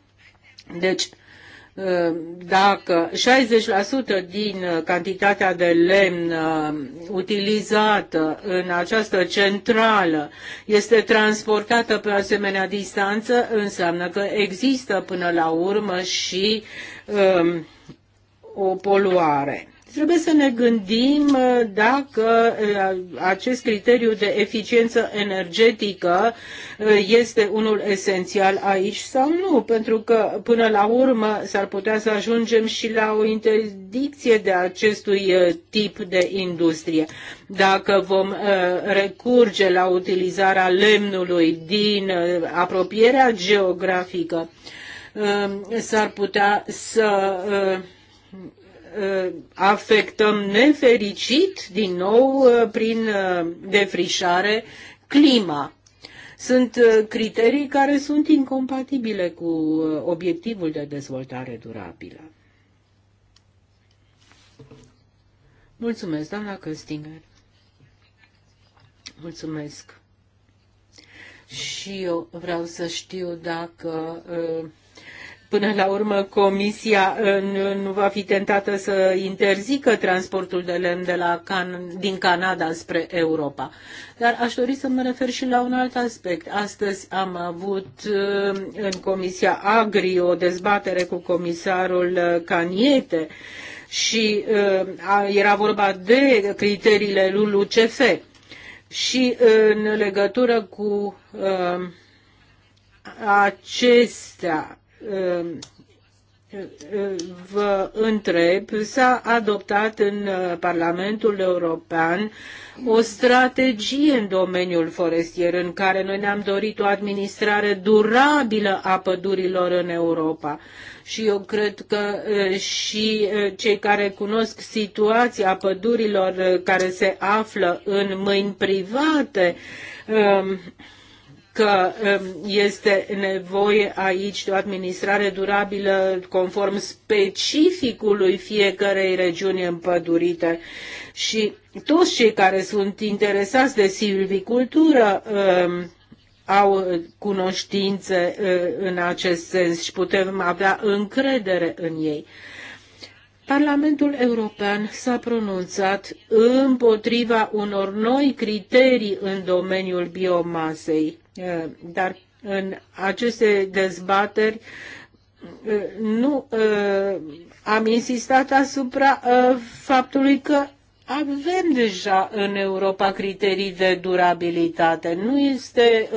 Deci, uh, dacă 60% din uh, cantitatea de lemn utilizată în această centrală este transportată pe asemenea distanță, înseamnă că există până la urmă și um, o poluare. Trebuie să ne gândim uh, dacă uh, acest criteriu de eficiență energetică uh, este unul esențial aici sau nu, pentru că până la urmă s-ar putea să ajungem și la o interdicție de acestui tip de industrie. Dacă vom recurge la utilizarea lemnului din apropierea geografică, s-ar putea să afectăm nefericit din nou uh, prin uh, defrișare clima. Sunt uh, criterii care sunt incompatibile cu obiectivul de dezvoltare durabilă. Mulțumesc, doamna Căstinger. Mulțumesc. Și eu vreau să știu dacă uh, Până la urmă, Comisia nu va fi tentată să interzică transportul de lemn de la Can- din Canada spre Europa. Dar aș dori să mă refer și la un alt aspect. Astăzi am avut uh, în Comisia Agri o dezbatere cu comisarul uh, Caniete și uh, era vorba de criteriile LULUCF și în legătură cu acestea vă întreb, s-a adoptat în uh, Parlamentul European o strategie în domeniul forestier în care noi ne-am dorit o administrare durabilă a pădurilor în Europa. Și eu cred că uh, și uh, cei care cunosc situația pădurilor care se află în mâini private, um, că um, este nevoie aici de o administrare durabilă conform specificului fiecarei regiuni împădurite și toți cei care sunt interesați de silvicultură um, au cunoștințe uh, în acest sens și putem avea încredere în ei. Parlamentul European s-a pronunțat împotriva unor noi criterii în domeniul biomasei. Eh, dar în aceste dezbateri eh, nu eh, am insistat asupra faptului că avem deja în Europa criterii de durabilitate. Nu este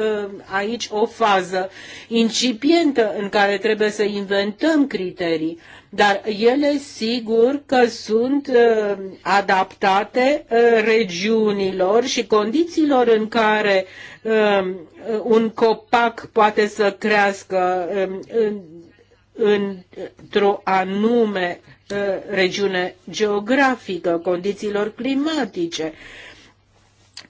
aici o fază incipientă în care trebuie să inventăm criterii dar ele sigur că sunt uh, adaptate uh, regiunilor și condițiilor în care um, uh, un copac poate să crească um, într-o anume regiune geografică, condițiilor climatice.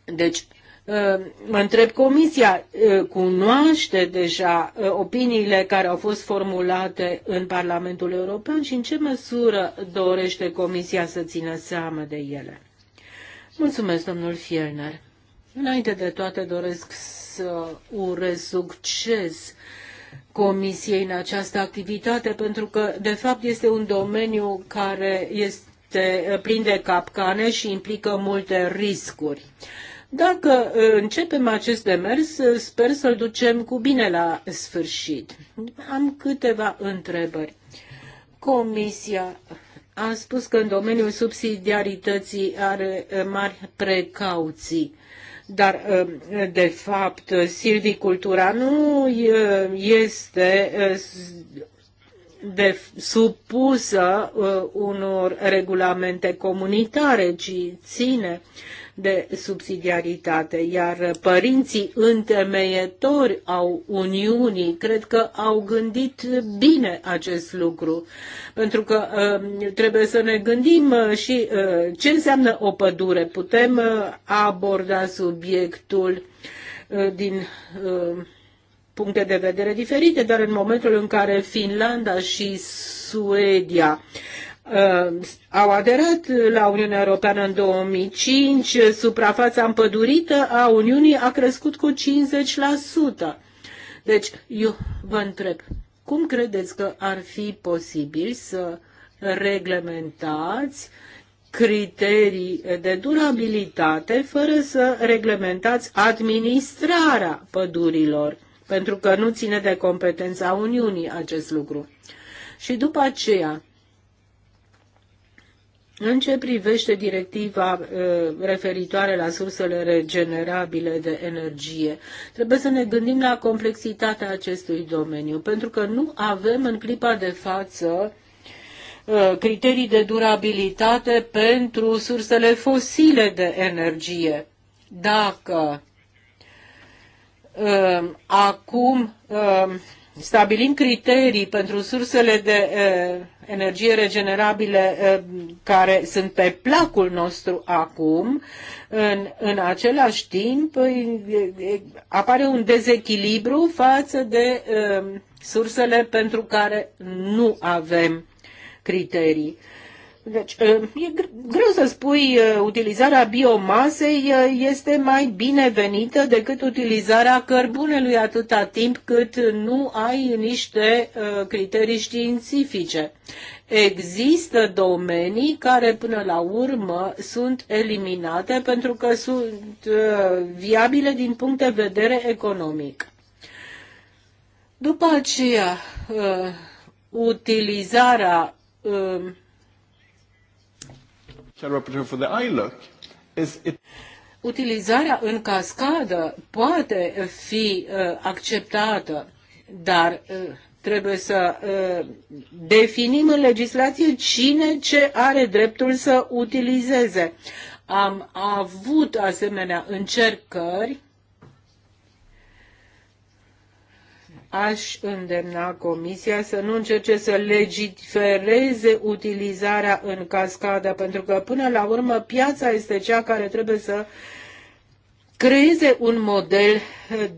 Deci, Ă, mă întreb comisia, ă, cunoaște deja ă, opiniile care au fost formulate în Parlamentul European și în ce măsură dorește comisia să țină seamă de ele? Mulțumesc, domnul Fierner. Înainte de toate doresc să urez succes Comisiei în această activitate, pentru că, de fapt, este un domeniu care este plin de capcane și implică multe riscuri. Dacă uh, începem acest demers, uh, sper să-l ducem cu bine la sfârșit. Am câteva întrebări. Comisia a spus că în domeniul subsidiarității are uh, mari precauții. Dar, de fapt, silvicultura nu este de supusă unor regulamente comunitare, ci ține de subsidiaritate, iar părinții întemeietori au Uniunii cred că au gândit bine acest lucru, pentru că um, trebuie să ne gândim uh, și uh, ce înseamnă o pădure. Putem uh, aborda subiectul din puncte de vedere diferite, dar în momentul în care Finlanda și Suedia Uh, au aderat la Uniunea Europeană în 2005, suprafața împădurită a Uniunii a crescut cu 50%. Deci, eu vă întreb, cum credeți că ar fi posibil să reglementați criterii de durabilitate fără să reglementați administrarea pădurilor, pentru că nu ține de competența Uniunii acest lucru. Și după aceea, în ce privește directiva uh, referitoare la sursele regenerabile de energie, trebuie să ne gândim la complexitatea acestui domeniu, pentru că nu avem în clipa de față uh, criterii de durabilitate pentru sursele fosile de energie. Dacă uh, acum stabilim criterii pentru sursele de energie regenerabile care sunt pe placul nostru acum, în, în același timp apare un dezechilibru față de sursele pentru care nu avem criterii. Deci, uh, e greu să spui uh, utilizarea biomasei uh, este mai binevenită decât utilizarea cărbunelui atâta timp cât nu ai niște criterii științifice. Există domenii care până la urmă sunt eliminate pentru că sunt viabile din punct de vedere economic. După aceea, utilizarea Utilizarea în cascadă poate fi uh, acceptată, dar uh, trebuie să uh, definim în legislație cine ce are dreptul să utilizeze. Am avut asemenea încercări aș îndemna Comisia să nu încerce să legifereze utilizarea în cascadă, pentru că până la urmă piața este cea care trebuie să creeze un model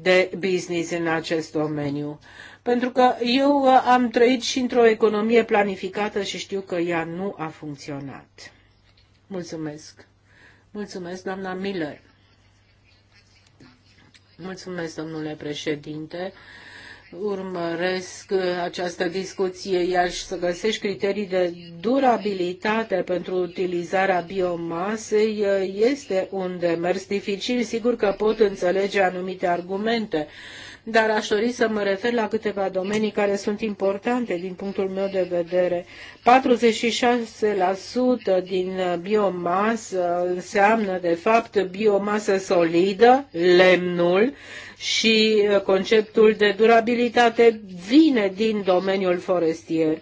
de business în acest domeniu. Pentru că eu uh, am trăit și într-o economie planificată și știu că ea nu a funcționat. Mulțumesc. Mulțumesc, doamna Miller. Mulțumesc, domnule președinte urmăresc uh, această discuție, iar să găsești criterii de durabilitate pentru utilizarea biomasei uh, este un demers dificil. Sigur că pot înțelege anumite argumente dar aș dori să mă refer la câteva domenii care sunt importante din punctul meu de vedere. 46% din biomasă înseamnă, de fapt, biomasă solidă, lemnul, și conceptul de durabilitate vine din domeniul forestier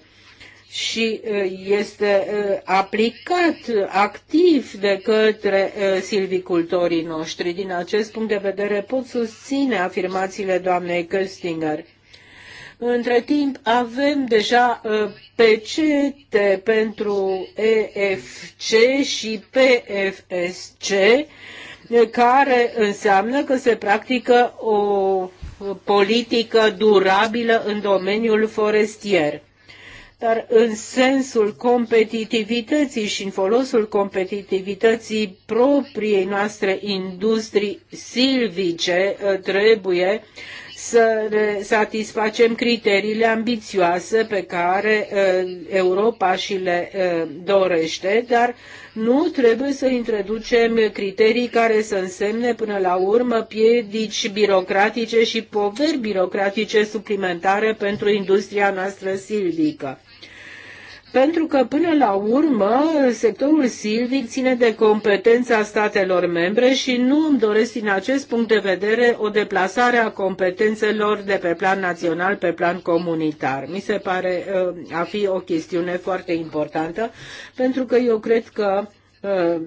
și este aplicat activ de către silvicultorii noștri. Din acest punct de vedere pot susține afirmațiile doamnei Köstinger. Între timp avem deja pecete pentru EFC și PFSC, care înseamnă că se practică o politică durabilă în domeniul forestier dar în sensul competitivității și în folosul competitivității propriei noastre industrii silvice ă, trebuie să satisfacem criteriile ambițioase pe care ă, Europa și le ă, dorește, dar nu trebuie să introducem criterii care să însemne până la urmă piedici birocratice și poveri birocratice suplimentare pentru industria noastră silvică pentru că până la urmă sectorul silvic ține de competența statelor membre și nu îmi doresc din acest punct de vedere o deplasare a competențelor de pe plan național pe plan comunitar. Mi se pare uh, a fi o chestiune foarte importantă pentru că eu cred că uh,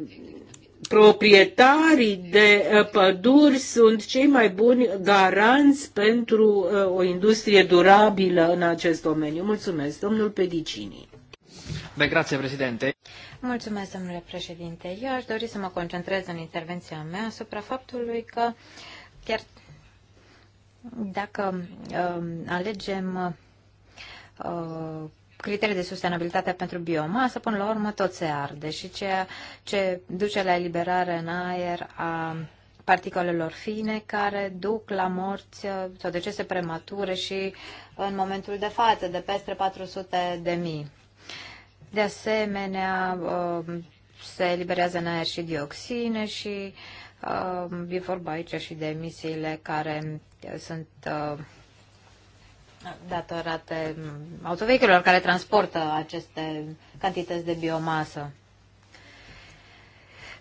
proprietarii de uh, păduri sunt cei mai buni garanți pentru o industrie durabilă în acest domeniu. Mulțumesc, domnul Pedicini. Mulțumesc, domnule președinte. Eu aș dori să mă concentrez în intervenția mea asupra faptului că chiar dacă uh, alegem uh, criterii de sustenabilitate pentru biomasă, până la urmă tot se arde și ceea ce duce la eliberare în aer a particolelor fine care duc la morți uh, sau decese premature și în momentul de față de peste 400 de mii. De asemenea, um, se eliberează în aer și dioxine și um, e vorba aici și de emisiile care sunt uh, datorate autovehiculelor care transportă aceste cantități de biomasă.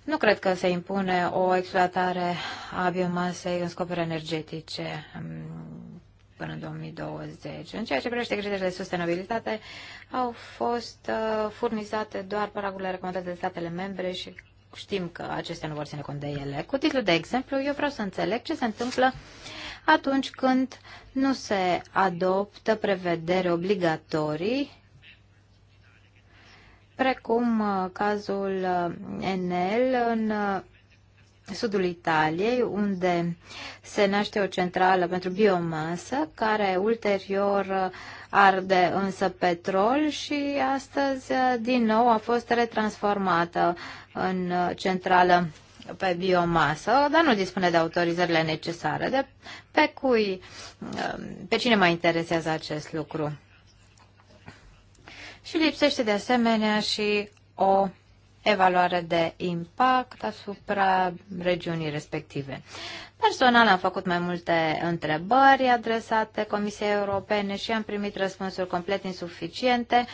Nu cred că se impune o exploatare a biomasei în scopuri energetice. Um, până în 2020. În ceea ce privește criteriile de sustenabilitate, au fost uh, furnizate doar paragurile recomandate de statele membre și știm că acestea nu vor ține cont de ele. Cu titlul de exemplu, eu vreau să înțeleg ce se întâmplă atunci când nu se adoptă prevedere obligatorii precum uh, cazul uh, Enel în uh, sudul Italiei, unde se naște o centrală pentru biomasă, care ulterior arde însă petrol și astăzi din nou a fost retransformată în centrală pe biomasă, dar nu dispune de autorizările necesare. De pe cui, pe cine mai interesează acest lucru? Și lipsește de asemenea și o evaluare de impact asupra regiunii respective. Personal am făcut mai multe întrebări adresate Comisiei Europene și am primit răspunsuri complet insuficiente,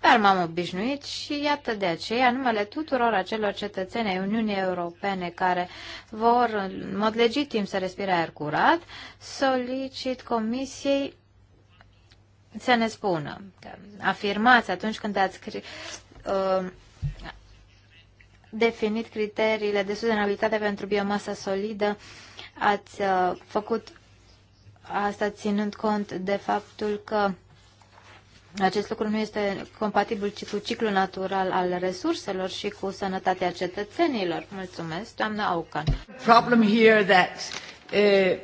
dar m-am obișnuit și iată de aceea numele tuturor acelor cetățeni ai Uniunii Europene care vor în mod legitim să respire aer curat, solicit Comisiei să ne spună. Afirmați atunci când ați scris, uh, definit criteriile de sustenabilitate pentru biomasa solidă. Ați uh, făcut asta ținând cont de faptul că acest lucru nu este compatibil ci cu ciclul natural al resurselor și cu sănătatea cetățenilor. Mulțumesc, doamna Aucan. Problem here that, uh...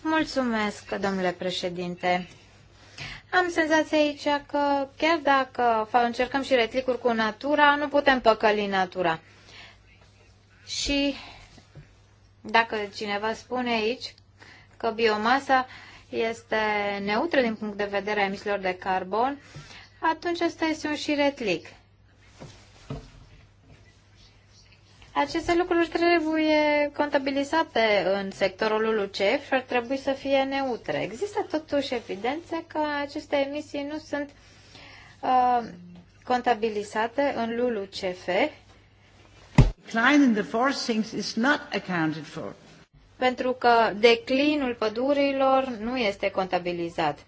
Mulțumesc, domnule președinte. Am senzația aici că chiar dacă încercăm și retlicuri cu natura, nu putem păcăli natura. Și dacă cineva spune aici că biomasa este neutră din punct de vedere a emisiilor de carbon, atunci asta este un șiretlic. Aceste lucruri trebuie contabilizate în sectorul LULUCEF și ar trebui să fie neutre. Există totuși evidențe că aceste emisii nu sunt uh, contabilizate în LULUCEF. Decline in the is not accounted for. Pentru că declinul pădurilor nu este contabilizat.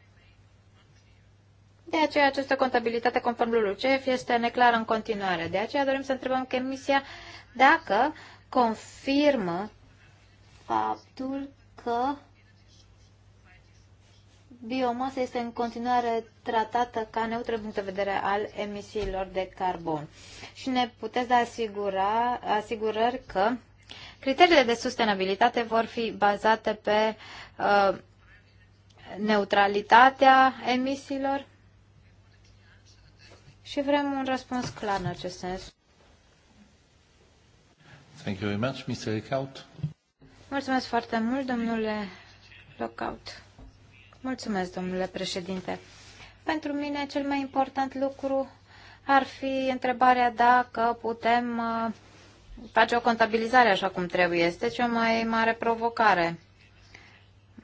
De aceea această contabilitate conform LULUCEF este neclară în continuare. De aceea dorim să întrebăm că emisia dacă confirmă faptul că biomasa este în continuare tratată ca neutră din punct de vedere al emisiilor de carbon. Și ne puteți da asigura, asigurări că criteriile de sustenabilitate vor fi bazate pe uh, neutralitatea emisiilor? Și vrem un răspuns clar în acest sens. Thank you very much, Mr. Eckhout. Mulțumesc foarte mult, domnule Lockout. Mulțumesc, domnule președinte. Pentru mine cel mai important lucru ar fi întrebarea dacă putem uh, face o contabilizare așa cum trebuie. Este cea mai mare provocare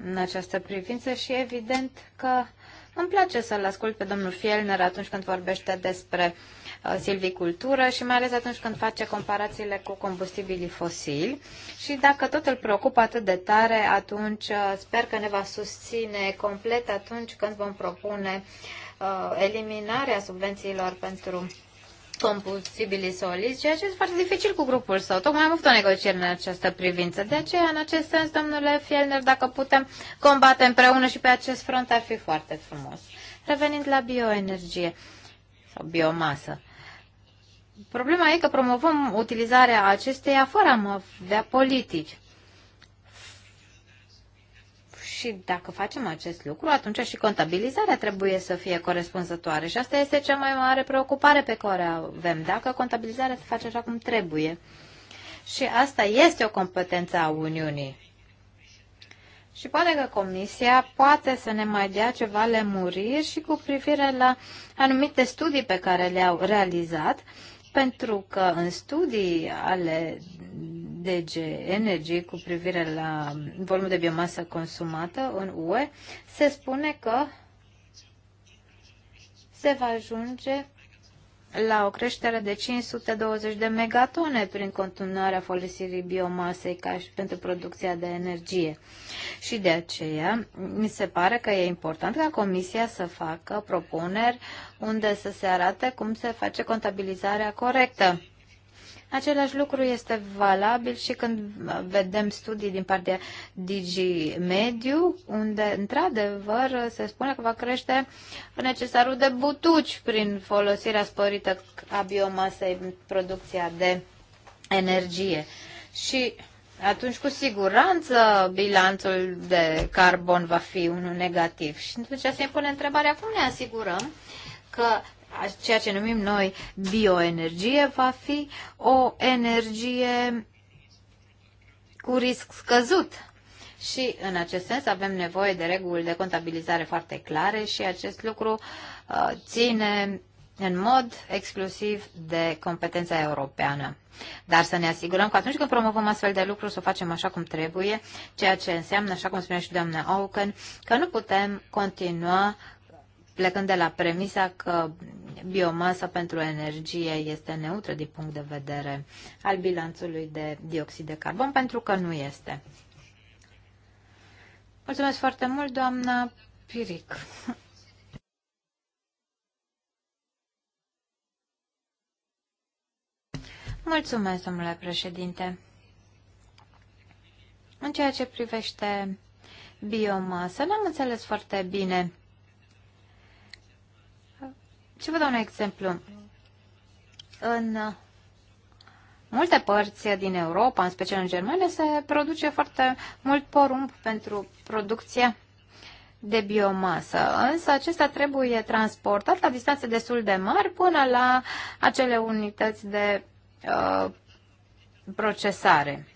în această privință și evident că îmi place să-l ascult pe domnul Fielner atunci când vorbește despre uh, Uh, silvicultură și mai ales atunci când face comparațiile cu combustibilii fosili. Și dacă tot îl preocupă atât de tare, atunci uh, sper că ne va susține complet atunci când vom propune uh, eliminarea subvențiilor pentru combustibilii solizi, ceea ce este foarte dificil cu grupul său. Tocmai am avut o negociere în această privință. De aceea, în acest sens, domnule Fielner, dacă putem combate împreună și pe acest front, ar fi foarte frumos. Revenind la bioenergie sau biomasă. Problema e că promovăm utilizarea acesteia fără a mă avea politici. Și dacă facem acest lucru, atunci și contabilizarea trebuie să fie corespunzătoare. Și asta este cea mai mare preocupare pe care o avem, dacă contabilizarea se face așa cum trebuie. Și asta este o competență a Uniunii. Și poate că Comisia poate să ne mai dea ceva lemuriri și cu privire la anumite studii pe care le-au realizat, pentru că în studii ale DG Energy cu privire la volumul de biomasă consumată în UE, se spune că se va ajunge la o creștere de 520 de megatone prin continuarea folosirii biomasei ca și pentru producția de energie. Și de aceea mi se pare că e important ca Comisia să facă propuneri unde să se arate cum se face contabilizarea corectă Același lucru este valabil și când vedem studii din partea Digi Mediu, unde într-adevăr se spune că va crește necesarul de butuci prin folosirea sporită a biomasei în producția de energie. Și atunci cu siguranță bilanțul de carbon va fi unul negativ. Și atunci se pune întrebarea cum ne asigurăm că ceea ce numim noi bioenergie va fi o energie cu risc scăzut. Și în acest sens avem nevoie de reguli de contabilizare foarte clare și acest lucru uh, ține în mod exclusiv de competența europeană. Dar să ne asigurăm că atunci când promovăm astfel de lucruri, să o facem așa cum trebuie, ceea ce înseamnă, așa cum spunea și doamna Auken, că nu putem continua plecând de la premisa că biomasa pentru energie este neutră din punct de vedere al bilanțului de dioxid de carbon, pentru că nu este. Mulțumesc foarte mult, doamna Piric. Mulțumesc, domnule președinte. În ceea ce privește biomasa? n-am înțeles foarte bine și vă dau un exemplu. În uh, multe părți din Europa, în special în Germania, se produce foarte mult porumb pentru producția de biomasă, însă acesta trebuie transportat la distanțe destul de mari până la acele unități de uh, procesare.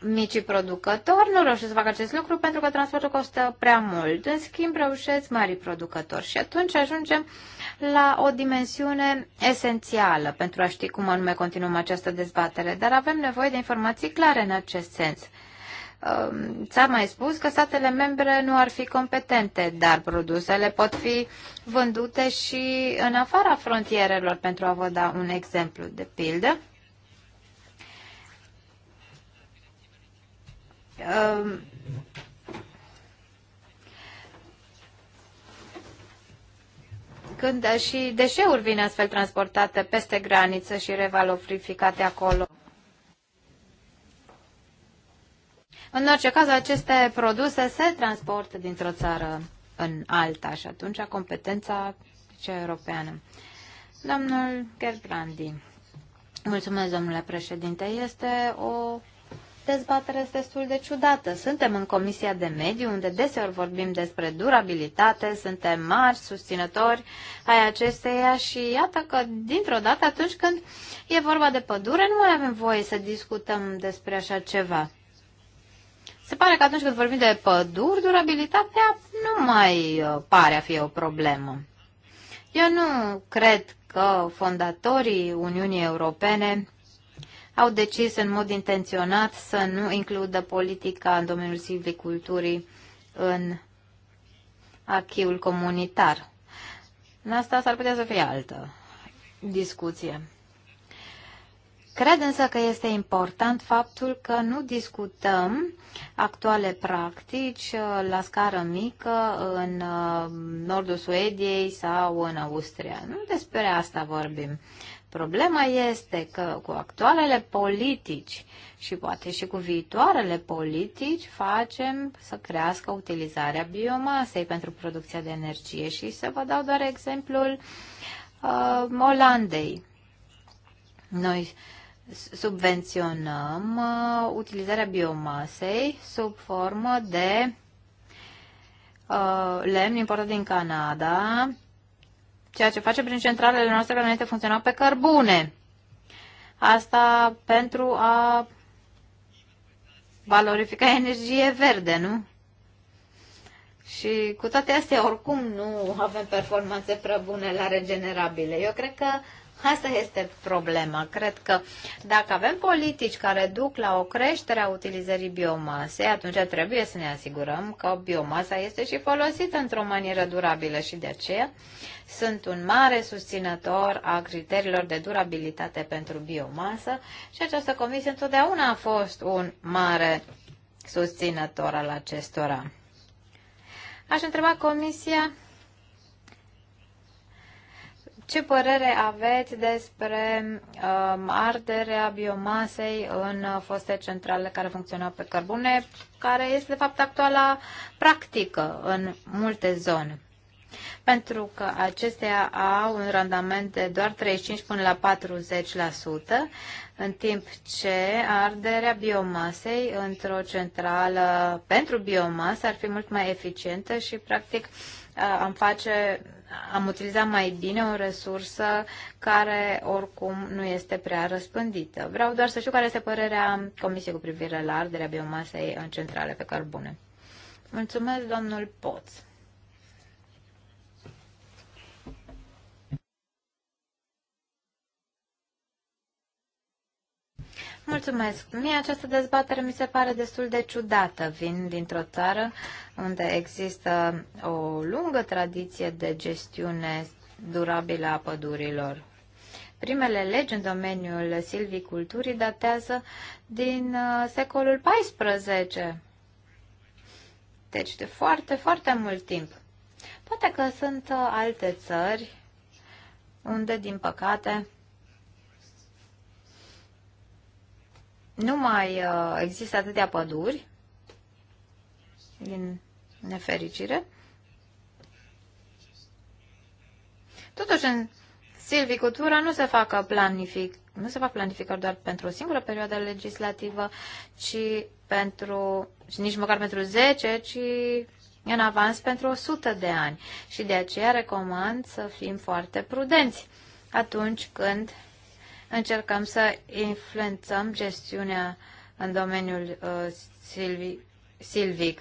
Micii producători nu reușesc să facă acest lucru pentru că transportul costă prea mult. În schimb, reușesc marii producători și atunci ajungem uh, la o dimensiune esențială pentru a ști cum anume continuăm această dezbatere, dar avem nevoie de informații clare în acest sens. Um, s-a mai spus că statele membre nu ar fi competente, dar produsele pot fi vândute și în afara frontierelor, pentru a vă da un exemplu de pildă. Um, când și deșeuri vin astfel transportate peste graniță și revalorificate acolo. În orice caz, aceste produse se transportă dintr-o țară în alta și atunci competența cea europeană. Domnul Gerbrandi. Mulțumesc, domnule președinte. Este o dezbatere este destul de ciudată. Suntem în Comisia de Mediu, unde deseori vorbim despre durabilitate, suntem mari susținători ai acesteia și iată că, dintr-o dată, atunci când e vorba de pădure, nu mai avem voie să discutăm despre așa ceva. Se pare că atunci când vorbim de păduri, durabilitatea nu mai uh, pare a fi o problemă. Eu nu cred că fondatorii Uniunii Europene au decis în mod intenționat să nu includă politica în domeniul silviculturii în achiul comunitar. În asta s-ar putea să fie altă discuție. Cred însă că este important faptul că nu discutăm actuale practici uh, la scară mică în uh, nordul Suediei sau în Austria. Nu despre asta vorbim. Problema este că cu actualele politici și poate și cu viitoarele politici facem să crească utilizarea biomasei pentru producția de energie și să vă dau doar exemplul uh, Olandei. Noi subvenționăm uh, utilizarea biomasei sub formă de uh, lemn importat din Canada, ceea ce face prin centralele noastre care înainte funcționau pe cărbune. Asta pentru a valorifica energie verde, nu? Și cu toate astea, oricum, nu avem performanțe prea bune la regenerabile. Eu cred că Asta este problema. Cred că dacă avem politici care duc la o creștere a utilizării biomasei, atunci trebuie să ne asigurăm că biomasa este și folosită într-o manieră durabilă și de aceea sunt un mare susținător a criteriilor de durabilitate pentru biomasă și această comisie întotdeauna a fost un mare susținător al acestora. Aș întreba comisia ce părere aveți despre um, arderea biomasei în uh, foste centrale care funcționau pe cărbune, care este de fapt actuala practică în multe zone? Pentru că acestea au un randament de doar 35 până la 40%, în timp ce arderea biomasei într-o centrală pentru biomasă ar fi mult mai eficientă și practic uh, am face am utilizat mai bine o resursă care oricum nu este prea răspândită. Vreau doar să știu care este părerea Comisiei cu privire la arderea biomasei în centrale pe cărbune. Mulțumesc, domnul Poț. Mulțumesc. Mie această dezbatere mi se pare destul de ciudată. Vin dintr-o țară unde există o lungă tradiție de gestiune durabilă a pădurilor. Primele legi în domeniul silviculturii datează din uh, secolul XIV. Deci de foarte, foarte mult timp. Poate că sunt uh, alte țări unde, din păcate, nu mai uh, există atâtea păduri, din nefericire. Totuși, în silvicultura nu se facă planific, nu se fac planificări doar pentru o singură perioadă legislativă, ci pentru, și nici măcar pentru 10, ci în avans pentru 100 de ani. Și de aceea recomand să fim foarte prudenți atunci când încercăm să influențăm gestiunea în domeniul uh, silvi, silvic.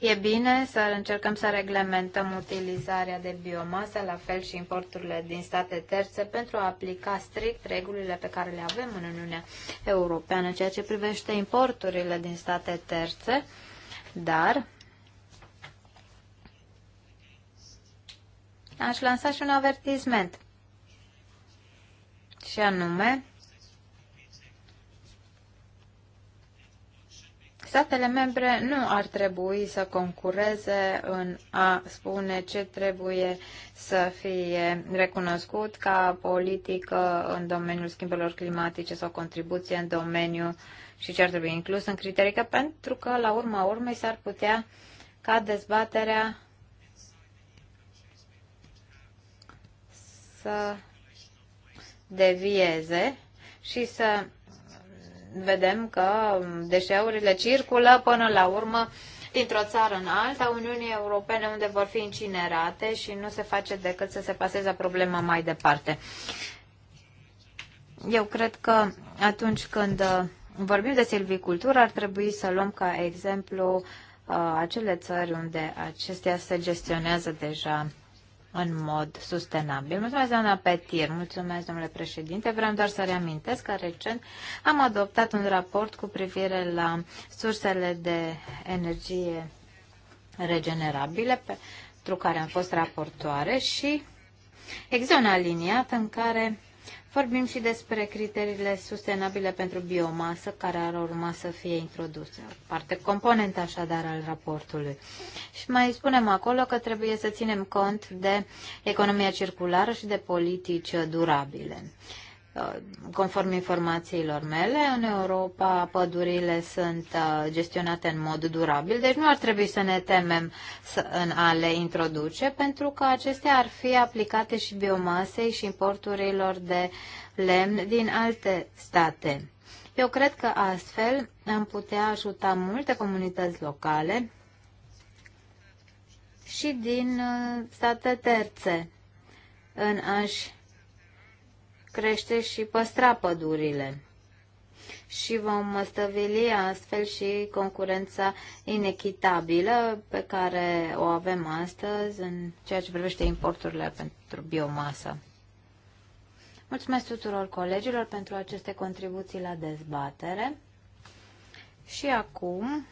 E bine să încercăm să reglementăm utilizarea de biomasă, la fel și importurile din state terțe, pentru a aplica strict regulile pe care le avem în Uniunea Europeană, ceea ce privește importurile din state terțe, dar aș lansa și un avertisment și anume statele membre nu ar trebui să concureze în a spune ce trebuie să fie recunoscut ca politică în domeniul schimbărilor climatice sau contribuție în domeniu și ce ar trebui inclus în criterii, că pentru că la urma urmei s-ar putea ca dezbaterea să devieze și să vedem că deșeurile circulă până la urmă dintr-o țară în alta, Uniunii Europene, unde vor fi incinerate și nu se face decât să se paseze problema mai departe. Eu cred că atunci când uh, vorbim de silvicultură, ar trebui să luăm ca exemplu uh, acele țări unde acestea se gestionează deja în mod sustenabil. Mulțumesc, doamna Petir, mulțumesc, domnule președinte. Vreau doar să reamintesc că recent am adoptat un raport cu privire la sursele de energie regenerabile pentru care am fost raportoare și există un aliniat în care Vorbim și despre criteriile sustenabile pentru biomasă care ar urma să fie introduse, parte componentă așadar al raportului. Și mai spunem acolo că trebuie să ținem cont de economia circulară și de politici durabile. Conform informațiilor mele, în Europa pădurile sunt uh, gestionate în mod durabil, deci nu ar trebui să ne temem să, în a le introduce, pentru că acestea ar fi aplicate și biomasei și importurilor de lemn din alte state. Eu cred că astfel am putea ajuta multe comunități locale și din uh, state terțe în a-și crește și păstra pădurile. Și vom stăvili astfel și concurența inechitabilă pe care o avem astăzi în ceea ce privește importurile pentru biomasă. Mulțumesc tuturor colegilor pentru aceste contribuții la dezbatere. Și acum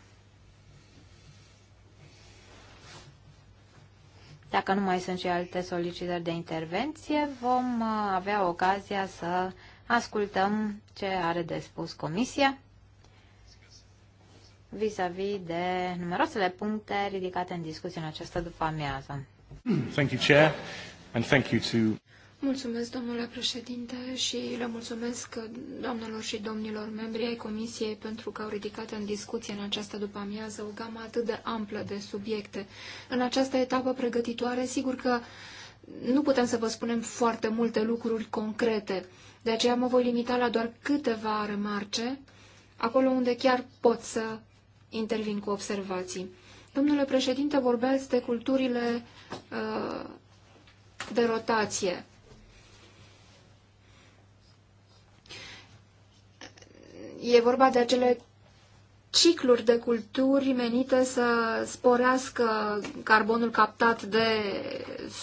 Dacă nu mai sunt și alte solicitări de intervenție, vom uh, avea ocazia să ascultăm ce are de spus Comisia vis-a-vis -vis de numeroasele puncte ridicate în discuție în această după amiază. Hmm, thank you, Chair, and thank you to... Mulțumesc, domnule președinte, și le mulțumesc doamnelor și domnilor membri ai Comisiei pentru că au ridicat în discuție în această după-amiază o gamă atât de amplă de subiecte. În această etapă pregătitoare, sigur că nu putem să vă spunem foarte multe lucruri concrete, de aceea mă voi limita la doar câteva remarce, acolo unde chiar pot să intervin cu observații. Domnule președinte, vorbeați de culturile uh, de rotație. e vorba de acele cicluri de culturi menite să sporească carbonul captat de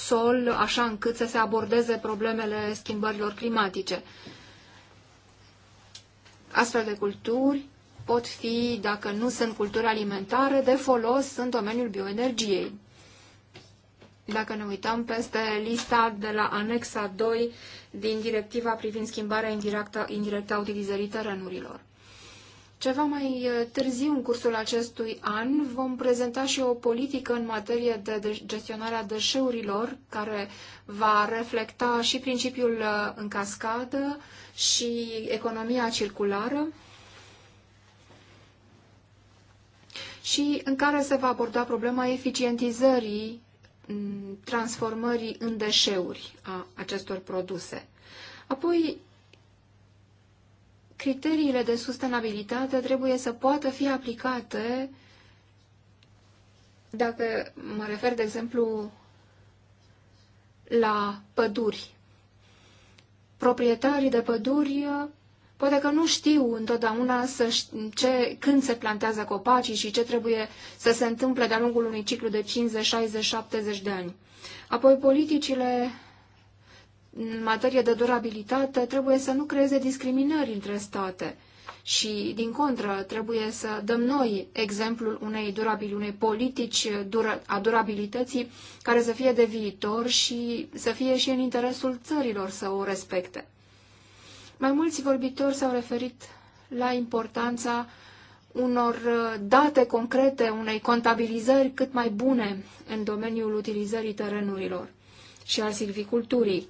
sol, așa încât să se abordeze problemele schimbărilor climatice. Astfel de culturi pot fi, dacă nu sunt culturi alimentare, de folos în domeniul bioenergiei. Dacă ne uităm peste lista de la anexa 2 din directiva privind schimbarea indirectă, a utilizării terenurilor. Ceva mai uh, târziu în cursul acestui an vom prezenta și o politică în materie de gestionarea deșeurilor, care va reflecta și principiul uh, în cascadă și economia circulară și în care se va aborda problema eficientizării transformării în deșeuri a acestor produse. Apoi, criteriile de sustenabilitate trebuie să poată fi aplicate dacă mă refer, de exemplu, la păduri. Proprietarii de păduri poate că nu știu întotdeauna să știu ce, când se plantează copacii și ce trebuie să se întâmple de-a lungul unui ciclu de 50, 60, 70 de ani. Apoi politicile în materie de durabilitate trebuie să nu creeze discriminări între state și, din contră, trebuie să dăm noi exemplul unei, durabil, unei politici dura, a durabilității care să fie de viitor și să fie și în interesul țărilor să o respecte. Mai mulți vorbitori s-au referit la importanța unor uh, date concrete, unei contabilizări cât mai bune în domeniul utilizării terenurilor și al silviculturii.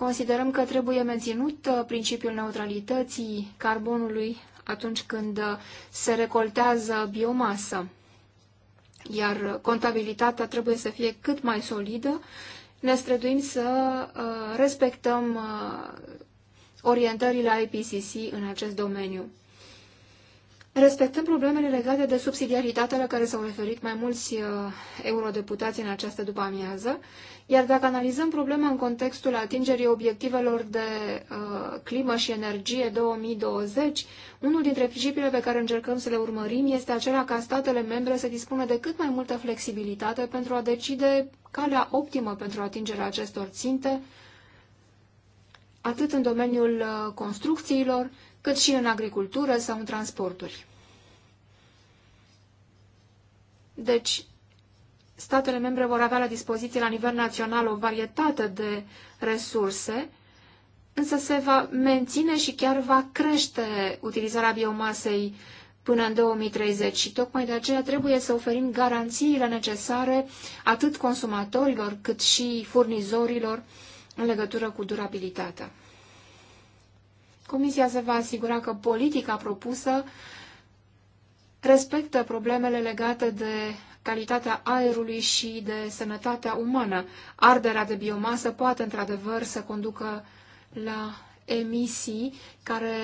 Considerăm că trebuie menținut uh, principiul neutralității carbonului atunci când uh, se recoltează biomasă, iar contabilitatea trebuie să fie cât mai solidă. Ne străduim să uh, respectăm orientările IPCC în acest domeniu. Respectăm problemele legate de subsidiaritate la care s-au referit mai mulți uh, eurodeputați în această după-amiază, iar dacă analizăm problema în contextul atingerii obiectivelor de uh, climă și energie 2020, unul dintre principiile pe care încercăm să le urmărim este acela ca statele membre să dispună de cât mai multă flexibilitate pentru a decide calea optimă pentru atingerea acestor ținte, atât în domeniul uh, construcțiilor, cât și în agricultură sau în transporturi. Deci, statele membre vor avea la dispoziție la nivel național o varietate de resurse, însă se va menține și chiar va crește utilizarea biomasei până în 2030 și tocmai de aceea trebuie să oferim garanțiile necesare atât consumatorilor cât și furnizorilor în legătură cu durabilitatea. Comisia se va asigura că politica propusă respectă problemele legate de calitatea aerului și de sănătatea umană. Arderea de biomasă poate într-adevăr să conducă la emisii care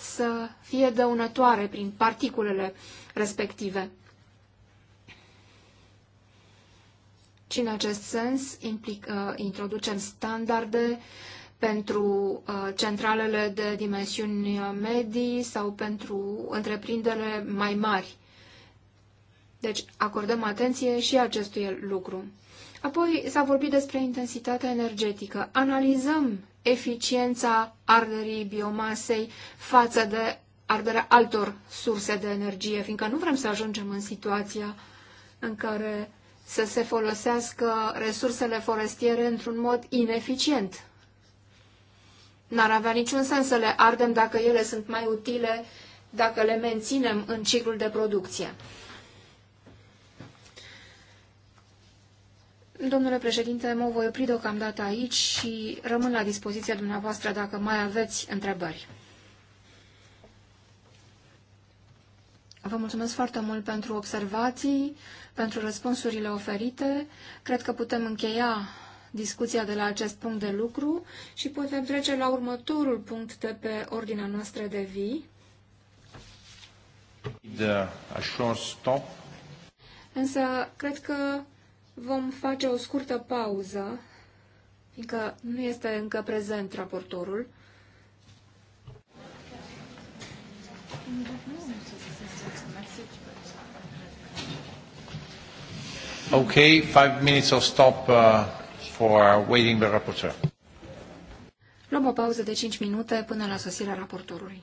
să fie dăunătoare prin particulele respective. Și în acest sens implic, uh, introducem standarde uh, pentru uh, centralele de dimensiuni medii sau pentru întreprinderile mai mari. Deci acordăm atenție și acestui lucru. Apoi s-a vorbit despre intensitatea energetică. Analizăm eficiența arderii biomasei față de arderea altor surse de energie, fiindcă nu vrem să ajungem în situația în care să se folosească resursele forestiere într-un mod ineficient. N-ar avea niciun sens să le ardem dacă ele sunt mai utile, dacă le menținem în ciclul de producție. Domnule președinte, mă voi opri deocamdată aici și rămân la dispoziția dumneavoastră dacă mai aveți întrebări. Vă mulțumesc foarte mult pentru observații, pentru răspunsurile oferite. Cred că putem încheia discuția de la acest punct de lucru și putem trece la următorul punct de pe ordinea noastră de zi. Însă, cred că vom face o scurtă pauză, fiindcă nu este încă prezent raportorul. Okay, five minutes of stop. Uh for waiting the rapporteur. Luăm o pauză de 5 minute până la sosirea raportorului.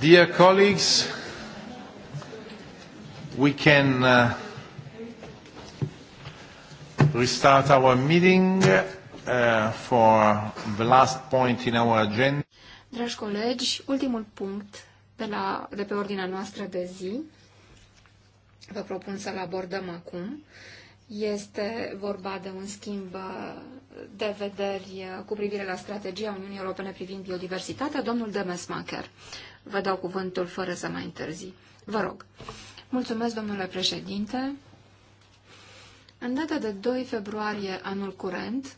Dear colleagues, we can uh, restart our meeting uh, for the last point in our agenda. Dragi colegi, ultimul punct de, la, de pe ordinea noastră de zi, vă propun să-l abordăm acum, este vorba de un schimb uh, de vederi uh, cu privire la strategia Uniunii Europene privind biodiversitatea, domnul Demesmacher. Uh, vă dau cuvântul fără să mai întârzi. Vă rog. Mulțumesc, domnule președinte. În data de 2 februarie anul curent,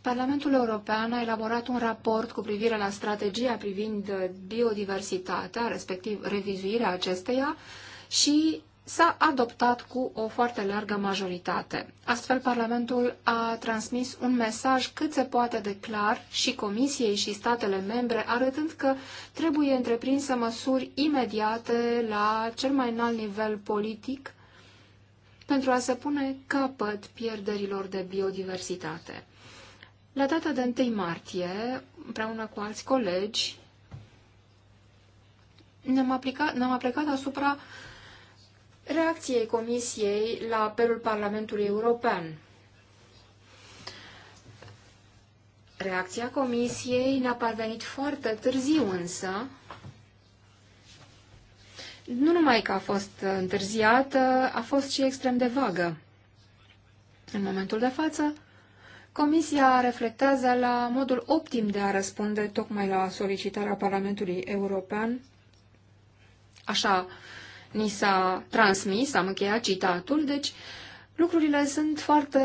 Parlamentul European a elaborat un raport cu privire la strategia privind biodiversitatea, respectiv revizuirea acesteia, și s-a adoptat cu o foarte largă majoritate. Astfel, Parlamentul a transmis un mesaj cât se poate de clar și Comisiei și statele membre, arătând că trebuie întreprinsă măsuri imediate la cel mai înalt nivel politic pentru a se pune capăt pierderilor de biodiversitate. La data de 1 martie, împreună cu alți colegi, ne-am, aplicat, ne-am aplicat asupra reacției Comisiei la apelul Parlamentului European. Reacția Comisiei ne-a parvenit foarte târziu însă. Nu numai că a fost întârziată, a fost și extrem de vagă. În momentul de față, Comisia reflectează la modul optim de a răspunde tocmai la solicitarea Parlamentului European, așa ni s-a transmis, am încheiat citatul, deci lucrurile sunt foarte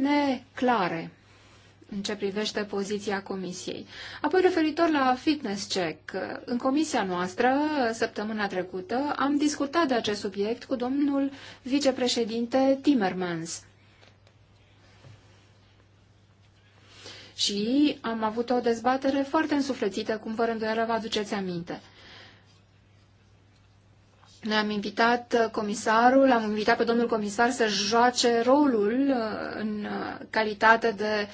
neclare în ce privește poziția comisiei. Apoi, referitor la fitness check, în comisia noastră, săptămâna trecută, am discutat de acest subiect cu domnul vicepreședinte Timmermans. Și am avut o dezbatere foarte însuflețită, cum vă îndoială vă aduceți aminte ne Am invitat uh, comisarul, am invitat pe domnul comisar să joace rolul uh, în uh, calitate de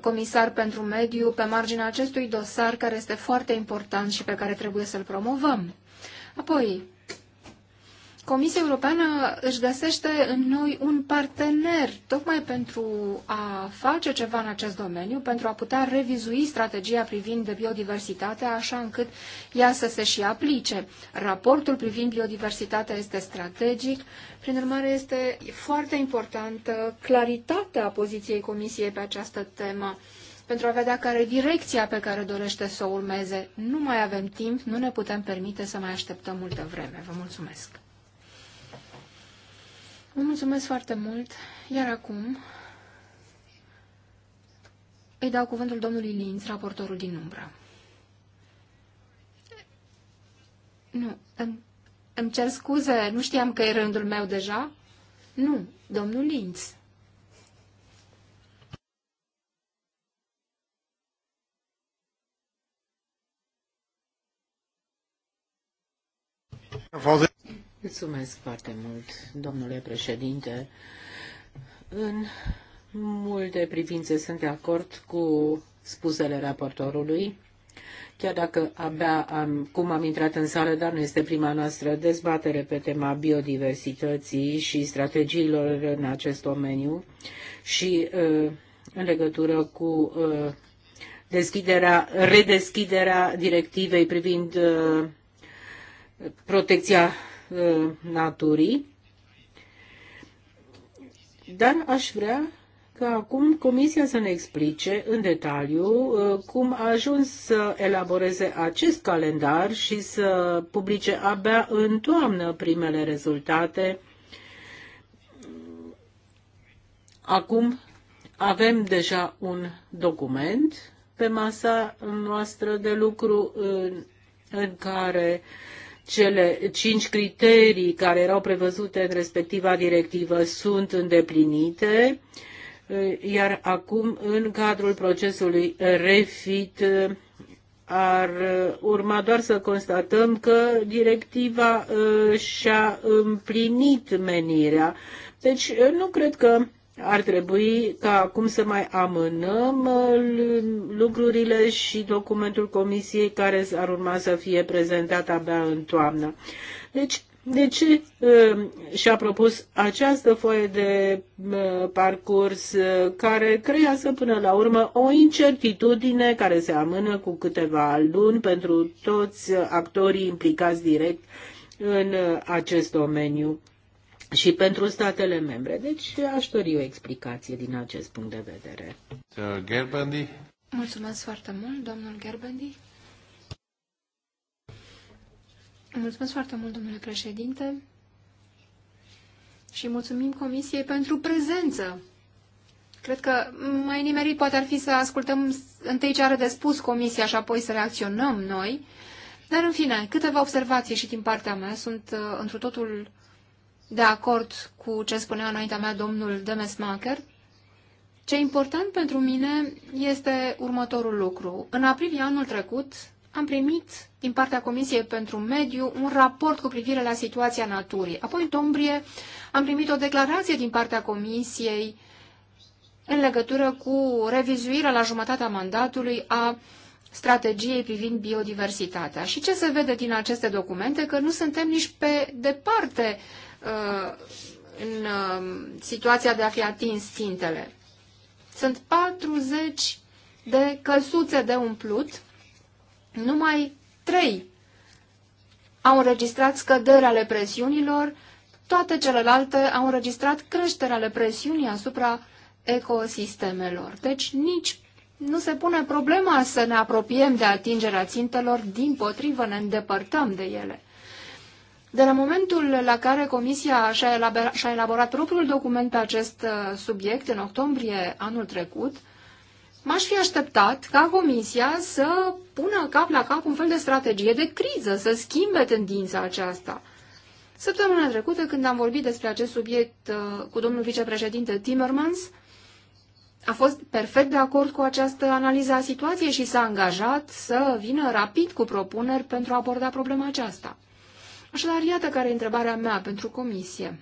comisar pentru mediu pe marginea acestui dosar care este foarte important și pe care trebuie să-l promovăm. Apoi, Comisia Europeană își găsește în noi un partener tocmai pentru a face ceva în acest domeniu, pentru a putea revizui strategia privind de biodiversitatea așa încât ea să se și aplice. Raportul privind biodiversitatea este strategic, prin urmare este foarte importantă claritatea poziției Comisiei pe această temă pentru a vedea care e direcția pe care dorește să o urmeze. Nu mai avem timp, nu ne putem permite să mai așteptăm multă vreme. Vă mulțumesc! Vă mulțumesc foarte mult. Iar acum îi dau cuvântul domnului Linz, raportorul din umbră. Nu, îmi, îmi cer scuze, nu știam că e rândul meu deja. Nu, domnul Linz. Mulțumesc foarte mult, domnule președinte. În multe privințe sunt de acord cu spusele raportorului, chiar dacă abia am, cum am intrat în sală, dar nu este prima noastră dezbatere pe tema biodiversității și strategiilor în acest domeniu și uh, în legătură cu uh, deschiderea, redeschiderea directivei privind uh, protecția naturii, dar aș vrea ca acum Comisia să ne explice în detaliu cum a ajuns să elaboreze acest calendar și să publice abia în toamnă primele rezultate. Acum avem deja un document pe masa noastră de lucru în, în care uh, cele cinci criterii care erau prevăzute în respectiva directivă sunt îndeplinite, iar acum, în cadrul procesului REFIT, ar urma doar să constatăm că directiva uh, și-a împlinit menirea. Deci nu cred că ar trebui ca acum să mai amânăm uh, lucrurile și documentul comisiei care ar urma să fie prezentat abia în toamnă. Deci, de ce uh, și-a propus această foaie de uh, parcurs care creează până la urmă o incertitudine care se amână cu câteva luni pentru toți actorii implicați direct în acest domeniu și pentru statele membre. Deci aș dori o explicație din acest punct de vedere. Gerbandi. Mulțumesc foarte mult, domnul Gerbandi. Mulțumesc foarte mult, domnule președinte. Și mulțumim Comisiei pentru prezență. Cred că mai nimerit poate ar fi să ascultăm întâi ce are de spus Comisia și apoi să reacționăm noi. Dar, în fine, câteva observații și din partea mea sunt uh, întru totul de acord cu ce spunea înaintea mea domnul Demesmacher. Ce important pentru mine este următorul lucru. În aprilie anul trecut am primit din partea Comisiei pentru Mediu un raport cu privire la situația naturii. Apoi, în tombrie, am primit o declarație din partea Comisiei în legătură cu revizuirea la jumătatea mandatului a strategiei privind biodiversitatea. Și ce se vede din aceste documente? Că nu suntem nici pe departe Uh, în um, situația de a fi atins țintele. Sunt 40 de căsuțe de umplut, numai 3 au înregistrat scăderi ale presiunilor, toate celelalte au înregistrat creșterea ale presiunii asupra ecosistemelor. Deci nici nu se pune problema să ne apropiem de atingerea țintelor, din potrivă ne îndepărtăm de ele. De la momentul la care Comisia și-a elaborat, și elaborat propriul document pe acest uh, subiect, în octombrie anul trecut, m-aș fi așteptat ca Comisia să pună cap la cap un fel de strategie de criză, să schimbe tendința aceasta. Săptămâna trecută, când am vorbit despre acest subiect uh, cu domnul vicepreședinte Timmermans, a fost perfect de acord cu această analiză a situației și s-a angajat să vină rapid cu propuneri pentru a aborda problema aceasta. Așadar, iată care e întrebarea mea pentru comisie.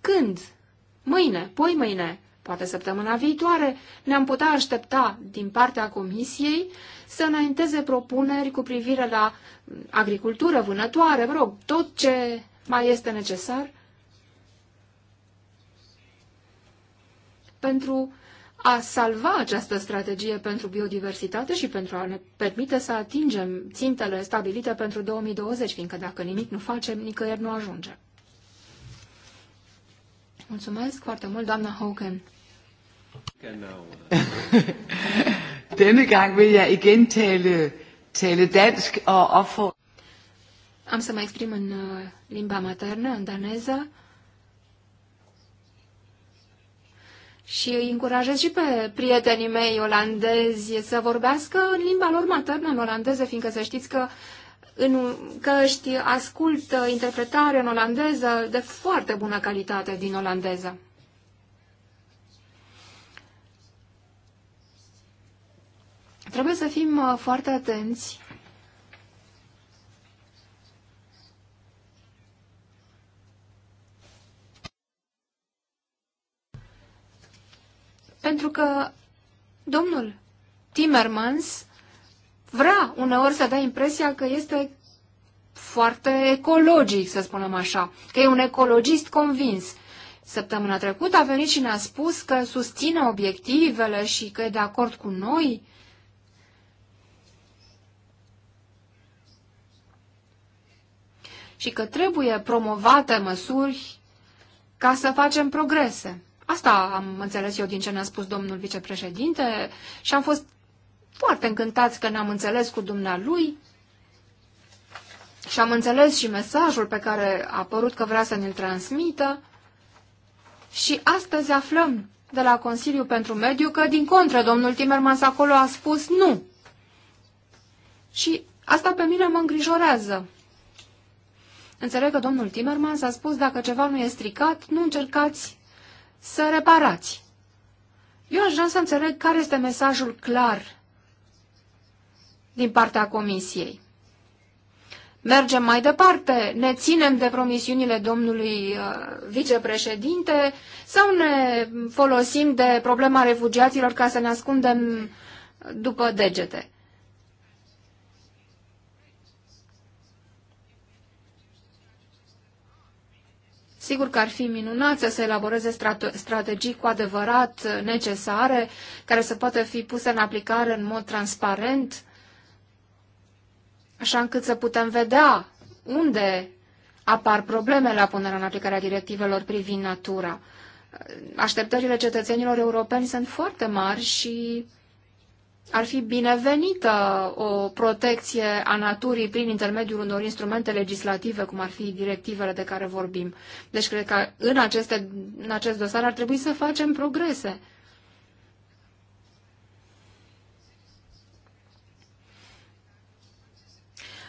Când? Mâine? Poi mâine? Poate săptămâna viitoare ne-am putea aștepta din partea Comisiei să înainteze propuneri cu privire la agricultură, vânătoare, vă rog, tot ce mai este necesar pentru a salva această strategie pentru biodiversitate și pentru a ne permite să atingem țintele stabilite pentru 2020, fiindcă dacă nimic nu facem, nicăieri nu ajunge. Mulțumesc foarte mult, doamna Hogan. Denne gang vil jeg igen tale, tale dansk og opfordre. Am să mă exprim în uh, limba maternă, în daneză, și îi încurajez și pe prietenii mei olandezi să vorbească în limba lor maternă, în olandeză, fiindcă să știți că în căști ascult interpretare în olandeză de foarte bună calitate din olandeză. Trebuie să fim uh, foarte atenți Pentru că domnul Timmermans vrea uneori să dea impresia că este foarte ecologic, să spunem așa, că e un ecologist convins. Săptămâna trecută a venit și ne-a spus că susține obiectivele și că e de acord cu noi. Și că trebuie promovate măsuri ca să facem progrese. Asta am înțeles eu din ce ne-a spus domnul vicepreședinte și am fost foarte încântați că ne-am înțeles cu dumnealui și am înțeles și mesajul pe care a părut că vrea să ne-l transmită. Și astăzi aflăm de la Consiliul pentru Mediu că, din contră, domnul Timmermans acolo a spus nu. Și asta pe mine mă îngrijorează. Înțeleg că domnul Timmermans a spus, dacă ceva nu e stricat, nu încercați să reparați. Eu aș vrea să înțeleg care este mesajul clar din partea Comisiei. Mergem mai departe, ne ținem de promisiunile domnului uh, vicepreședinte sau ne folosim de problema refugiaților ca să ne ascundem după degete. Sigur că ar fi minunat să se elaboreze strategii cu adevărat necesare, care să poată fi puse în aplicare în mod transparent, așa încât să putem vedea unde apar probleme la punerea în aplicare a directivelor privind natura. Așteptările cetățenilor europeni sunt foarte mari și ar fi binevenită o protecție a naturii prin intermediul unor instrumente legislative, cum ar fi directivele de care vorbim. Deci cred că în, aceste, în acest dosar ar trebui să facem progrese.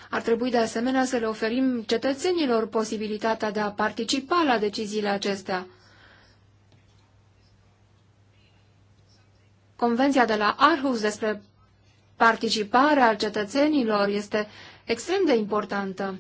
Ar trebui de asemenea să le oferim cetățenilor posibilitatea de a participa la deciziile acestea. Convenția de la Arhus despre participarea cetățenilor este extrem de importantă.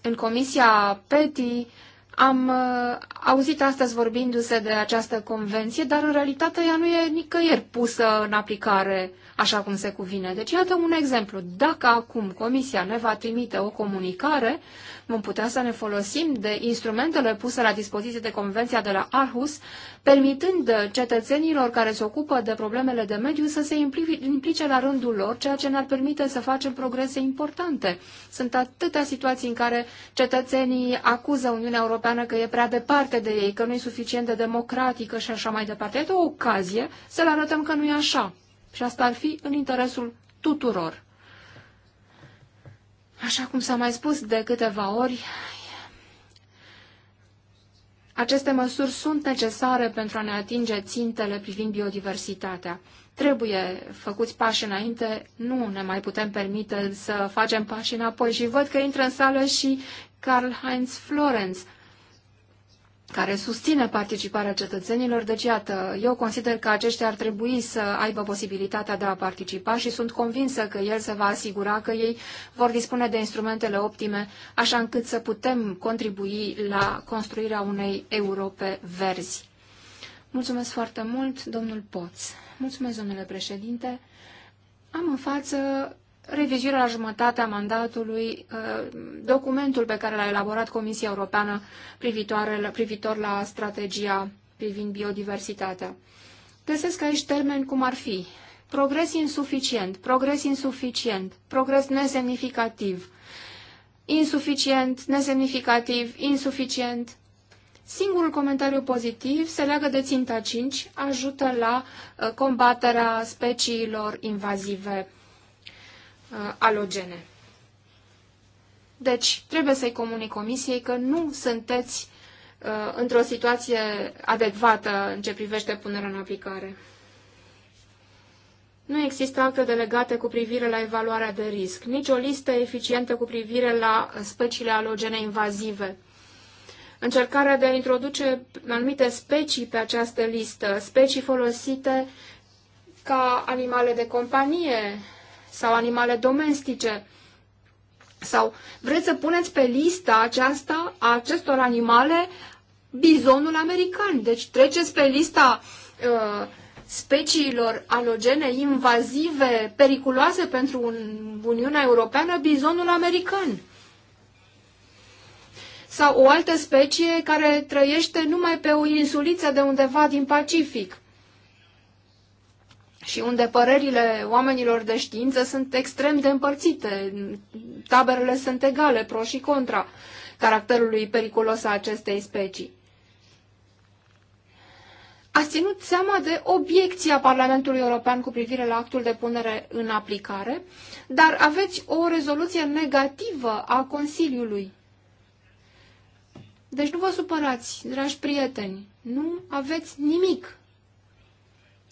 În Comisia PETI am uh, auzit astăzi vorbindu-se de această convenție, dar în realitate ea nu e nicăieri pusă în aplicare așa cum se cuvine. Deci, iată un exemplu. Dacă acum Comisia ne va trimite o comunicare, vom putea să ne folosim de instrumentele puse la dispoziție de Convenția de la Arhus, permitând cetățenilor care se ocupă de problemele de mediu să se implice la rândul lor, ceea ce ne-ar permite să facem progrese importante. Sunt atâtea situații în care cetățenii acuză Uniunea Europeană că e prea departe de ei, că nu e suficient de democratică și așa mai departe. E o ocazie să le arătăm că nu e așa. Și asta ar fi în interesul tuturor. Așa cum s-a mai spus de câteva ori, aceste măsuri sunt necesare pentru a ne atinge țintele privind biodiversitatea. Trebuie făcuți pași înainte, nu ne mai putem permite să facem pași înapoi. Și văd că intră în sală și Karl-Heinz Florenz, care susține participarea cetățenilor. Deci, iată, eu consider că aceștia ar trebui să aibă posibilitatea de a participa și sunt convinsă că el se va asigura că ei vor dispune de instrumentele optime, așa încât să putem contribui la construirea unei Europe verzi. Mulțumesc foarte mult, domnul Poț. Mulțumesc, domnule președinte. Am în față revizuirea la jumătatea mandatului, uh, documentul pe care l-a elaborat Comisia Europeană privitor la strategia privind biodiversitatea. Găsesc aici termeni cum ar fi progres insuficient, progres insuficient, progres nesemnificativ, insuficient, nesemnificativ, insuficient. Singurul comentariu pozitiv se leagă de ținta 5, ajută la uh, combaterea speciilor invazive Uh, alogene. Deci, trebuie să-i comunic comisiei că nu sunteți uh, într-o situație adecvată în ce privește punerea în aplicare. Nu există acte delegate cu privire la evaluarea de risc, nici o listă eficientă cu privire la speciile alogene invazive. Încercarea de a introduce anumite specii pe această listă, specii folosite ca animale de companie, sau animale domestice. Sau vreți să puneți pe lista aceasta a acestor animale bizonul american. Deci treceți pe lista uh, speciilor alogene invazive, periculoase pentru un, Uniunea Europeană, bizonul american. Sau o altă specie care trăiește numai pe o insuliță de undeva din Pacific și unde părerile oamenilor de știință sunt extrem de împărțite. Taberele sunt egale, pro și contra caracterului periculos a acestei specii. A ținut seama de obiecția Parlamentului European cu privire la actul de punere în aplicare, dar aveți o rezoluție negativă a Consiliului. Deci nu vă supărați, dragi prieteni, nu aveți nimic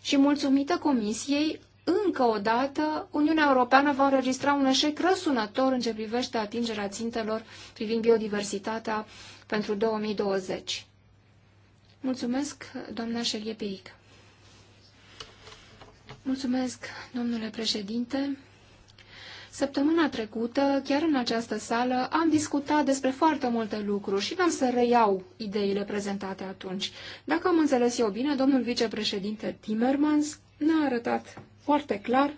și mulțumită Comisiei, încă o dată, Uniunea Europeană va înregistra un eșec răsunător în ce privește atingerea țintelor privind biodiversitatea pentru 2020. Mulțumesc, doamna Șelie Mulțumesc, domnule președinte. Săptămâna trecută, chiar în această sală, am discutat despre foarte multe lucruri și vreau am să reiau ideile prezentate atunci. Dacă am înțeles eu bine, domnul vicepreședinte Timmermans ne-a arătat foarte clar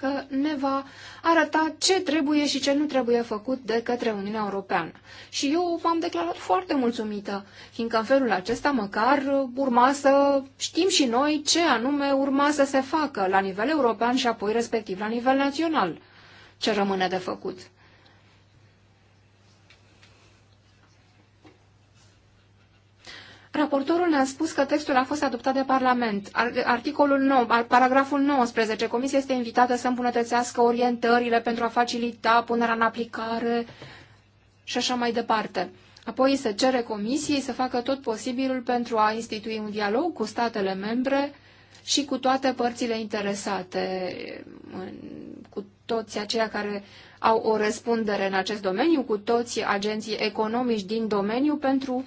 că ne va arăta ce trebuie și ce nu trebuie făcut de către Uniunea Europeană. Și eu v am declarat foarte mulțumită, fiindcă în felul acesta măcar urma să știm și noi ce anume urma să se facă la nivel european și apoi respectiv la nivel național. Ce rămâne de făcut? Raportorul ne-a spus că textul a fost adoptat de Parlament. Articolul 9, paragraful 19, Comisia este invitată să îmbunătățească orientările pentru a facilita punerea în aplicare și așa mai departe. Apoi se cere Comisiei să facă tot posibilul pentru a institui un dialog cu statele membre și cu toate părțile interesate, cu toți aceia care au o răspundere în acest domeniu, cu toți agenții economici din domeniu pentru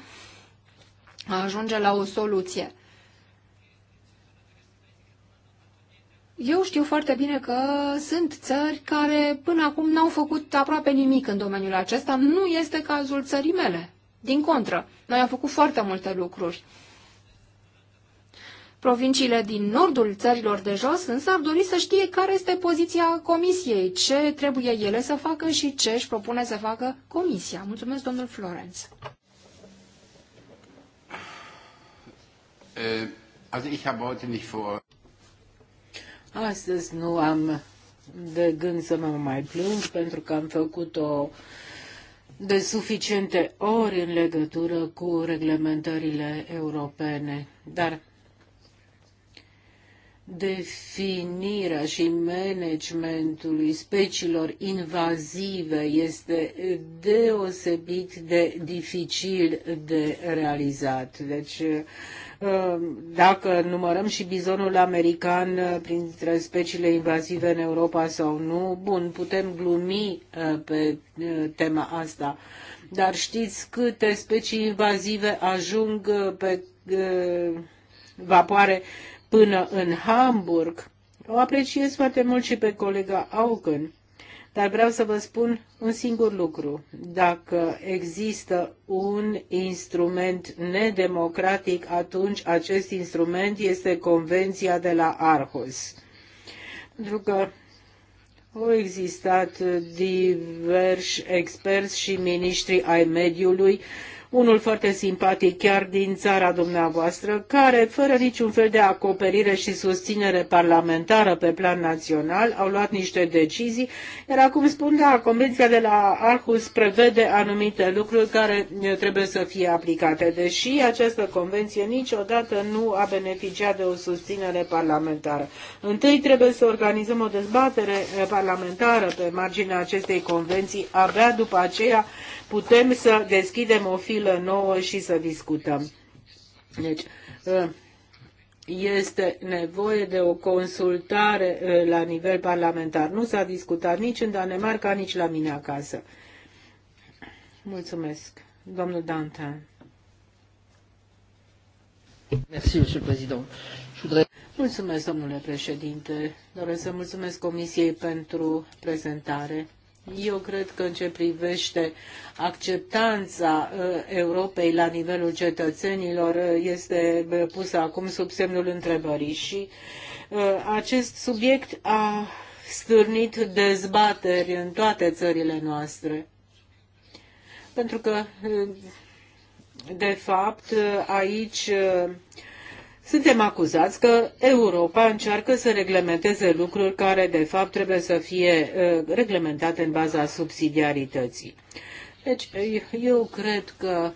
a ajunge la o soluție. Eu știu foarte bine că sunt țări care până acum n-au făcut aproape nimic în domeniul acesta. Nu este cazul țării mele. Din contră, noi am făcut foarte multe lucruri. Provinciile din nordul țărilor de jos însă ar dori să știe care este poziția comisiei, ce trebuie ele să facă și ce își propune să facă comisia. Mulțumesc, domnul Florence. Äh, also ich habe heute nicht vor. Astăzi nu am de gând să mă mai plâng pentru că am făcut-o de suficiente ori în legătură cu reglementările europene. Dar definirea și managementului speciilor invazive este deosebit de dificil de realizat. Deci, uh, dacă numărăm și bizonul american uh, printre speciile invazive în Europa sau nu, bun, putem glumi uh, pe tema asta. Dar știți câte specii invazive ajung pe vapoare până în Hamburg. O apreciez foarte mult și pe colega Augen, dar vreau să vă spun un singur lucru. Dacă există un instrument nedemocratic, atunci acest instrument este Convenția de la Arhus. Pentru că au existat diversi experți și miniștri ai mediului unul foarte simpatic chiar din țara dumneavoastră, care, fără niciun fel de acoperire și susținere parlamentară pe plan național, au luat niște decizii, iar acum spun, da, Convenția de la Arhus prevede anumite lucruri care trebuie să fie aplicate, deși această convenție niciodată nu a beneficiat de o susținere parlamentară. Întâi trebuie să organizăm o dezbatere parlamentară pe marginea acestei convenții, abia după aceea putem să deschidem o filă nouă și să discutăm. Deci, ă, este nevoie de o consultare ă, la nivel parlamentar. Nu s-a discutat nici în Danemarca, nici la mine acasă. Mulțumesc. Domnul Dantin. Mulțumesc, domnule președinte. Doresc să mulțumesc Comisiei pentru prezentare. Eu cred că în ce privește acceptanța uh, Europei la nivelul cetățenilor uh, este uh, pusă acum sub semnul întrebării și acest subiect a stârnit dezbateri în toate țările noastre. Pentru că, de fapt, aici suntem acuzați că Europa încearcă să reglementeze lucruri care, de fapt, trebuie să fie uh, reglementate în baza subsidiarității. Deci, uh, eu cred că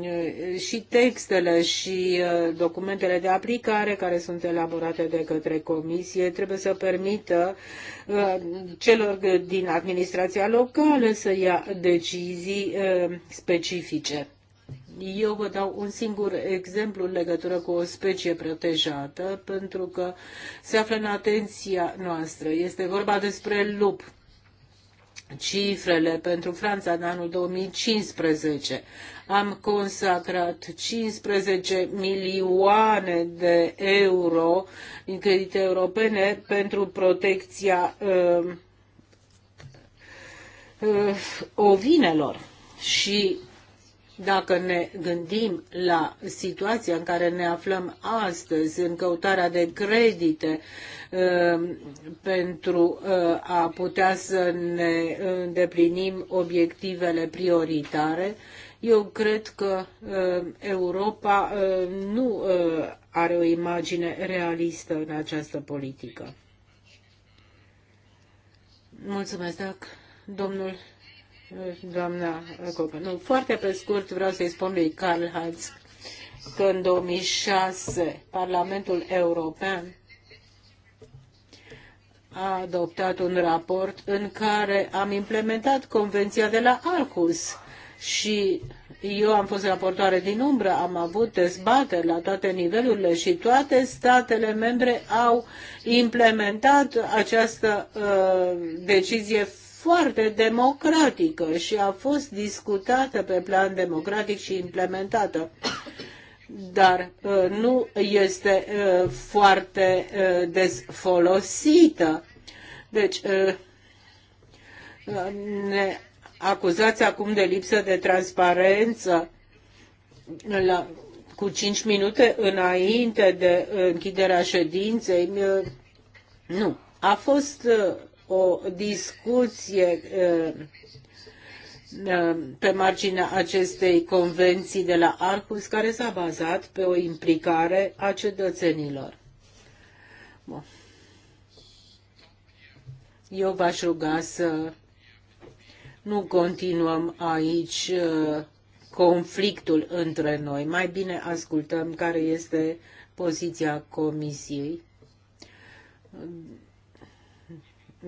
uh, și textele și documentele de aplicare care sunt elaborate de către comisie trebuie să permită celor din administrația locală să ia decizii specifice. Eu vă dau un singur exemplu în legătură cu o specie protejată, pentru că se află în atenția noastră. Este vorba despre lup. Cifrele pentru Franța în anul 2015. Am consacrat 15 milioane de euro din credite europene pentru protecția uh, uh, ovinelor și dacă ne gândim la situația în care ne aflăm astăzi în căutarea de credite uh, pentru uh, a putea să ne îndeplinim obiectivele prioritare, eu cred că uh, Europa nu are o imagine realistă în această politică. Mulțumesc, Domnul doamna Copă. Nu, foarte pe scurt vreau să-i spun lui Karl Heinz că în 2006 Parlamentul European a adoptat un raport în care am implementat convenția de la Arhus și eu am fost raportoare din umbră, am avut dezbateri la toate nivelurile și toate statele membre au implementat această uh, decizie foarte democratică și a fost discutată pe plan democratic și implementată dar uh, nu este uh, foarte uh, des folosită. Deci, ne acuzați acum de lipsă de transparență la, cu 5 minute înainte de închiderea ședinței. Nu. A fost o discuție eh, eh, pe marginea acestei convenții de la Arhus, care s-a bazat pe o implicare a cetățenilor. Bun. Eu v-aș ruga să nu continuăm aici eh, conflictul între noi. Mai bine ascultăm care este poziția Comisiei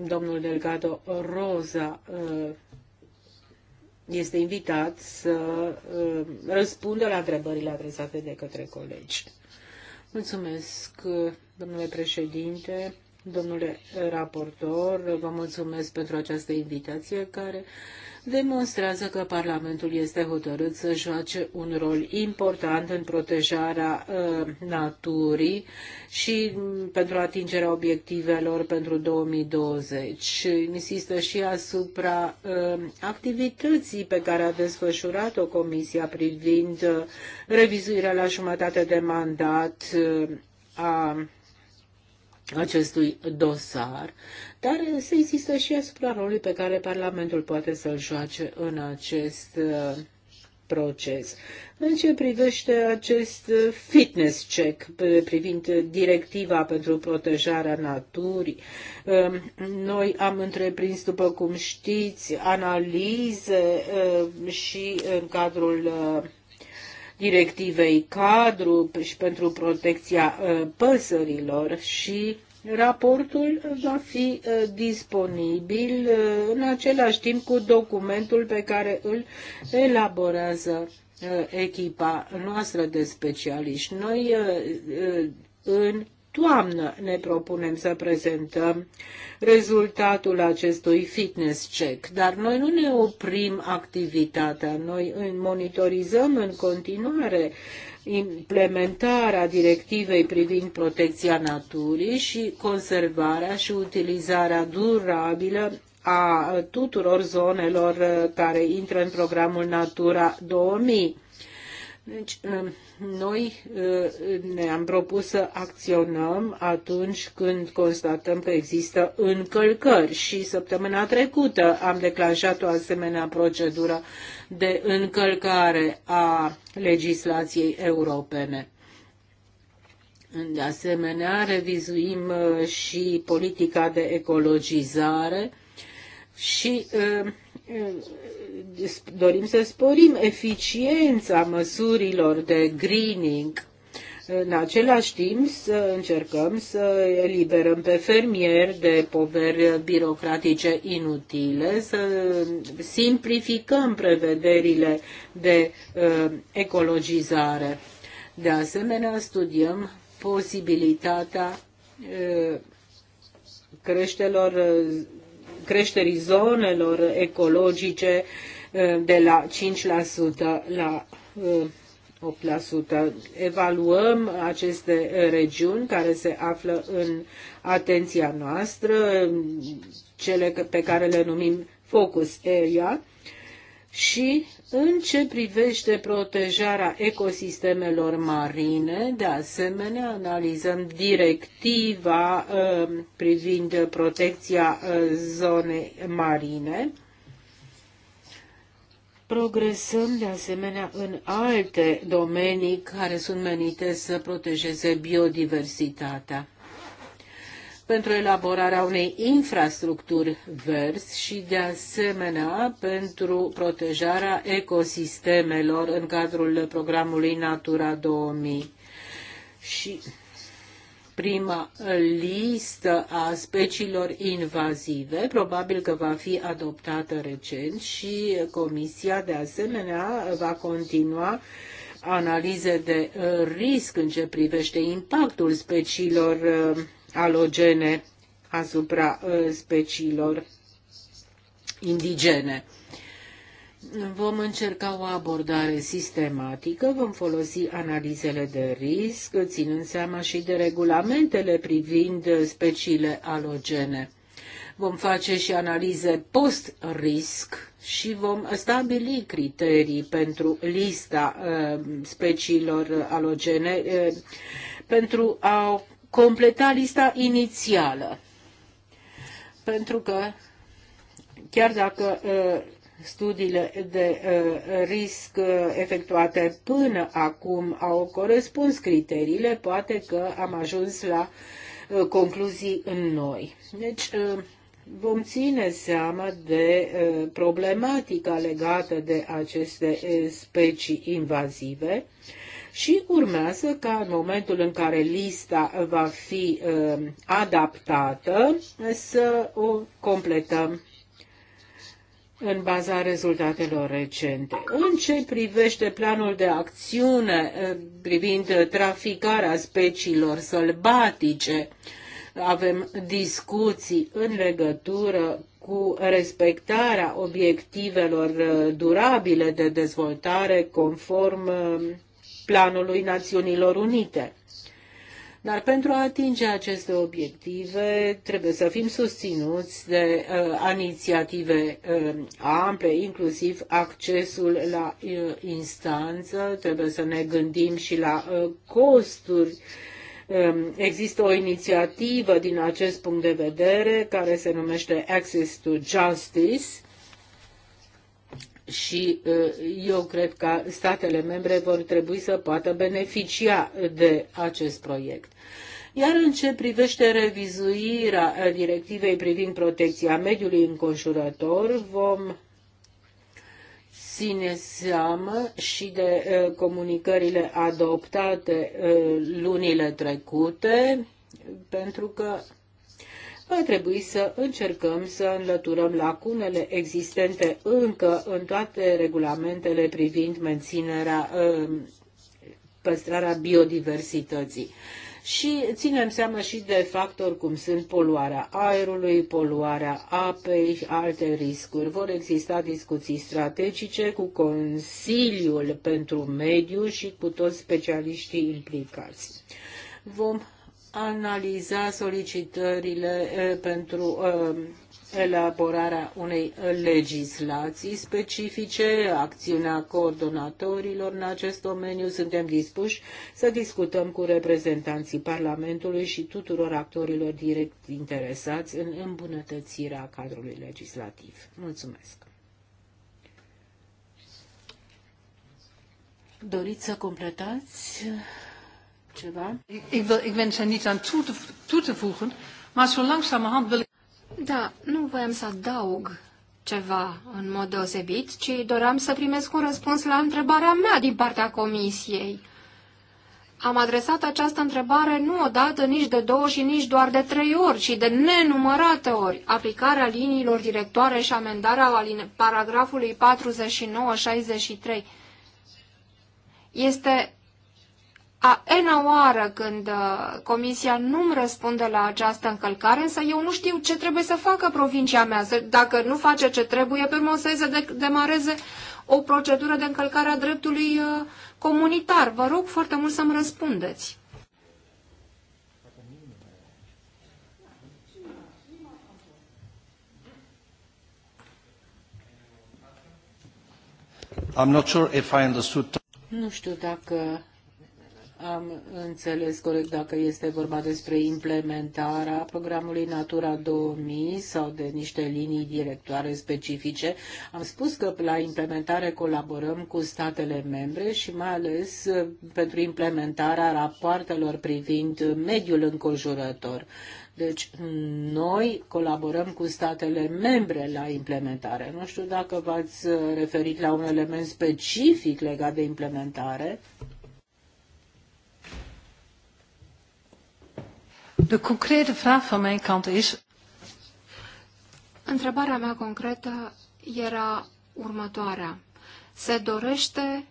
domnul Delgado Rosa uh, este invitat să uh, răspundă la întrebările adresate de către colegi. Mulțumesc, uh, domnule președinte, domnule raportor, vă mulțumesc pentru această invitație care demonstrează că Parlamentul este hotărât să joace un rol important în protejarea uh, naturii și mm, pentru atingerea obiectivelor pentru 2020. Insistă și asupra uh, activității pe care a desfășurat-o Comisia privind uh, revizuirea la jumătate de mandat uh, a acestui dosar, dar se insistă și asupra rolului pe care Parlamentul poate să-l joace în acest uh, proces. În ce privește acest uh, fitness check privind directiva pentru protejarea naturii, um, noi am întreprins, după cum știți, analize uh, și în cadrul directivei cadru și pentru protecția uh, păsărilor și Raportul va fi uh, disponibil uh, în același timp cu documentul pe care îl elaborează echipa noastră de specialiști. Noi în toamnă ne propunem să prezentăm rezultatul acestui fitness check, dar noi nu ne oprim activitatea, noi monitorizăm în continuare implementarea directivei privind protecția naturii și conservarea și utilizarea durabilă a tuturor zonelor uh, care intră în programul Natura 2000. Deci, um, noi uh, ne-am propus să acționăm atunci când constatăm că există încălcări și săptămâna trecută am declanșat o asemenea procedură de încălcare a legislației europene. De asemenea, revizuim uh, și politica de ecologizare și uh, dorim să sporim eficiența măsurilor de greening. În același timp să încercăm să eliberăm pe fermieri de poveri birocratice inutile, să simplificăm prevederile de uh, ecologizare. De asemenea, studiem posibilitatea uh, creștelor, uh, creșterii zonelor ecologice uh, Eh, de la 5% la 8%. Eh, Evaluăm aceste eh, regiuni care se află în atenția noastră, cele pe care le numim focus area, și în ce privește protejarea ecosistemelor marine, de asemenea, analizăm directiva privind protecția zonei marine Progresăm de asemenea în alte domenii care sunt menite să protejeze biodiversitatea pentru elaborarea unei infrastructuri verzi și, de asemenea, pentru protejarea ecosistemelor în cadrul programului Natura 2000. Și prima listă a speciilor invazive, probabil că va fi adoptată recent și Comisia de asemenea va continua analize de risc în ce privește impactul speciilor uh, alogene asupra uh, speciilor indigene. Vom încerca o abordare sistematică, vom folosi analizele de risc, ținând seama și de regulamentele privind speciile alogene. Vom face și analize post-risc și vom stabili criterii pentru lista uh, speciilor alogene uh, pentru a completa lista inițială. Pentru că chiar dacă uh, Studiile de uh, risc uh, efectuate până acum au corespuns criteriile, poate că am ajuns la uh, concluzii în noi. Deci, vom ține seama de problematica legată de aceste specii invazive și urmează ca în momentul în care lista va fi adaptată să o completăm în baza rezultatelor recente. În ce privește planul de acțiune eh, privind traficarea speciilor sălbatice, avem discuții în legătură cu respectarea obiectivelor eh, durabile de dezvoltare conform eh, planului Națiunilor Unite. Dar pentru a atinge aceste obiective trebuie să fim susținuți de uh, inițiative uh, ample, inclusiv accesul la uh, instanță, trebuie să ne gândim și la uh, costuri. Um, există o inițiativă din acest punct de vedere care se numește Access to Justice, și eu cred că statele membre vor trebui să poată beneficia de acest proiect. Iar în ce privește revizuirea directivei privind protecția mediului înconjurător, vom ține seamă și de comunicările adoptate lunile trecute, pentru că va trebui să încercăm să înlăturăm lacunele existente încă în toate regulamentele privind menținerea, um, păstrarea biodiversității. Și ținem seama și de factori cum sunt poluarea aerului, poluarea apei, alte riscuri. Vor exista discuții strategice cu Consiliul pentru Mediu și cu toți specialiștii implicați. Vom analiza solicitările pentru elaborarea unei legislații specifice, acțiunea coordonatorilor în acest domeniu. Suntem dispuși să discutăm cu reprezentanții Parlamentului și tuturor actorilor direct interesați în îmbunătățirea cadrului legislativ. Mulțumesc! Doriți să completați? ceva. Ik, wil, ik wens er niet aan toe te, toe te voegen, maar zo langzamerhand wil ik... Da, nu voiam să adaug ceva în mod deosebit, ci doream să primesc un răspuns la întrebarea mea din partea comisiei. Am adresat această întrebare nu odată, nici de două și nici doar de trei ori, ci de nenumărate ori. Aplicarea liniilor directoare și amendarea paragrafului 49-63 este a ena oară când uh, comisia nu-mi răspunde la această încălcare, însă eu nu știu ce trebuie să facă provincia mea. Dacă nu face ce trebuie, pe urmă să demareze o procedură de încălcare a dreptului uh, comunitar. Vă rog foarte mult să-mi răspundeți. I'm not sure if I understood... Nu știu dacă am înțeles corect dacă este vorba despre implementarea programului Natura 2000 sau de niște linii directoare specifice. Am spus că la implementare colaborăm cu statele membre și mai ales uh, pentru implementarea rapoartelor privind mediul înconjurător. Deci noi colaborăm cu statele membre la implementare. Nu știu dacă v-ați uh, referit la un element specific legat de implementare. De concrete vraag van mijn kant is... Întrebarea mea concretă era următoarea. Se dorește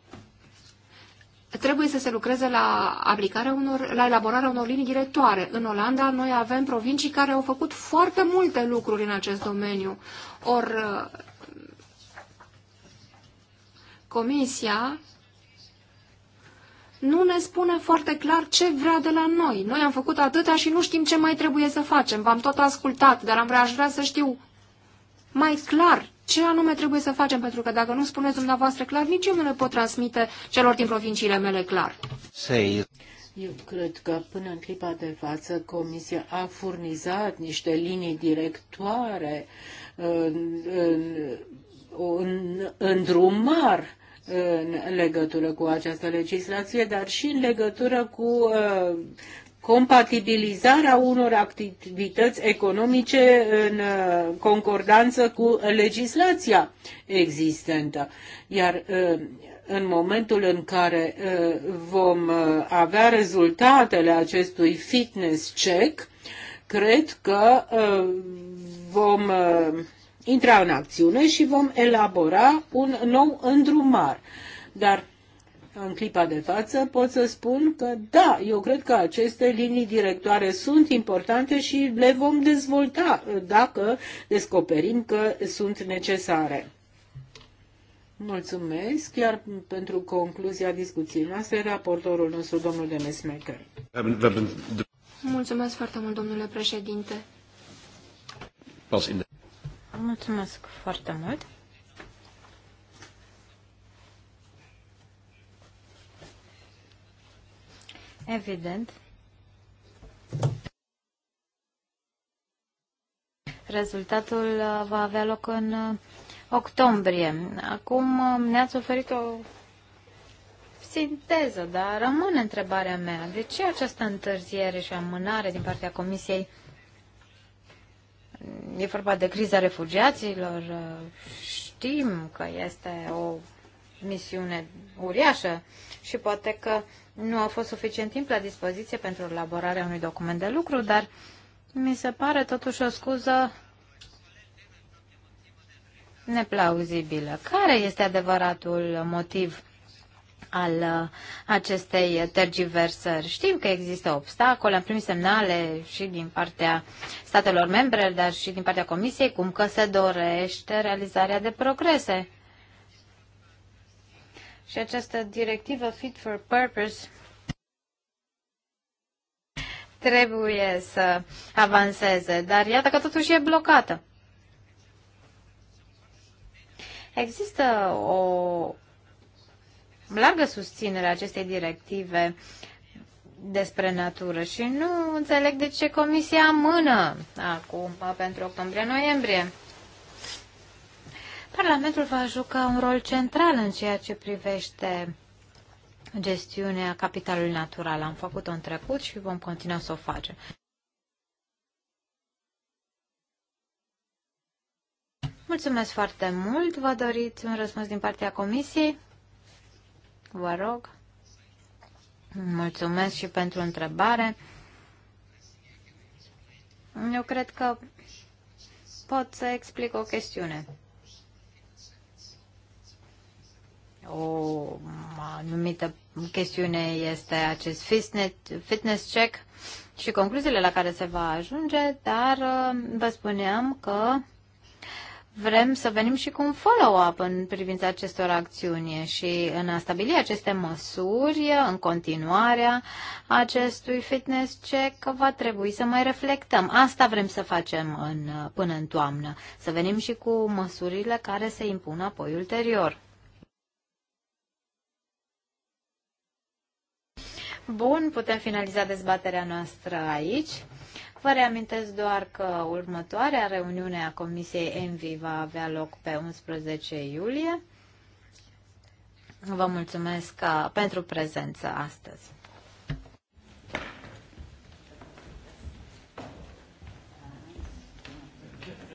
trebuie să se lucreze la aplicarea unor, la elaborarea unor linii directoare. În Olanda noi avem provincii care au făcut foarte multe lucruri în acest domeniu. Or, uh, Comisia nu ne spune foarte clar ce vrea de la noi. Noi am făcut atâta și nu știm ce mai trebuie să facem. V-am tot ascultat, dar am vrea, aș vrea să știu mai clar ce anume trebuie să facem, pentru că dacă nu spuneți dumneavoastră clar, nici eu nu le pot transmite celor din provinciile mele clar. Sei. Eu cred că până în clipa de față Comisia a furnizat niște linii directoare în, în, un drumar în legătură cu această legislație, dar și în legătură cu uh, compatibilizarea unor activități economice în uh, concordanță cu legislația existentă. Iar uh, în momentul în care vom avea rezultatele acestui fitness check, cred că vom intra în acțiune și vom elabora un nou îndrumar. Dar în clipa de față pot să spun că da, eu cred că aceste linii directoare sunt importante și le vom dezvolta dacă descoperim că sunt necesare. Mulțumesc, chiar pentru concluzia discuției noastre, raportorul nostru, domnul Demesmaker. Mulțumesc foarte mult, domnule președinte. Mulțumesc foarte mult. Evident, rezultatul uh, va avea loc în uh, octombrie. Acum uh, ne-ați oferit o sinteză, dar rămâne întrebarea mea. De ce această întârziere și amânare din partea Comisiei e vorba de criza refugiaților. Știm că este o misiune uriașă și poate că nu a fost suficient timp la dispoziție pentru elaborarea unui document de lucru, dar mi se pare totuși o scuză neplauzibilă. Care este adevăratul motiv al uh, acestei tergiversări. Știm că există obstacole, am primit semnale și din partea statelor membre, dar și din partea Comisiei, cum că se dorește realizarea de progrese. Și această directivă Fit for Purpose trebuie să avanseze, dar iată că totuși e blocată. Există o largă susținere a acestei directive despre natură și nu înțeleg de ce Comisia amână acum pentru octombrie-noiembrie. Parlamentul va juca un rol central în ceea ce privește gestiunea capitalului natural. Am făcut-o în trecut și vom continua să o facem. Mulțumesc foarte mult. Vă doriți un răspuns din partea Comisiei? Vă rog. Mulțumesc și pentru întrebare. Eu cred că pot să explic o chestiune. O anumită chestiune este acest fitness check și concluziile la care se va ajunge, dar uh, vă spuneam că vrem să venim și cu un follow-up în privința acestor acțiuni și în a stabili aceste măsuri, în continuarea acestui fitness check, va trebui să mai reflectăm. Asta vrem să facem în, până în toamnă, să venim și cu măsurile care se impun apoi ulterior. Bun, putem finaliza dezbaterea noastră aici. Vă reamintesc doar că următoarea reuniune a Comisiei ENVI va avea loc pe 11 iulie. Vă mulțumesc uh, pentru prezență astăzi.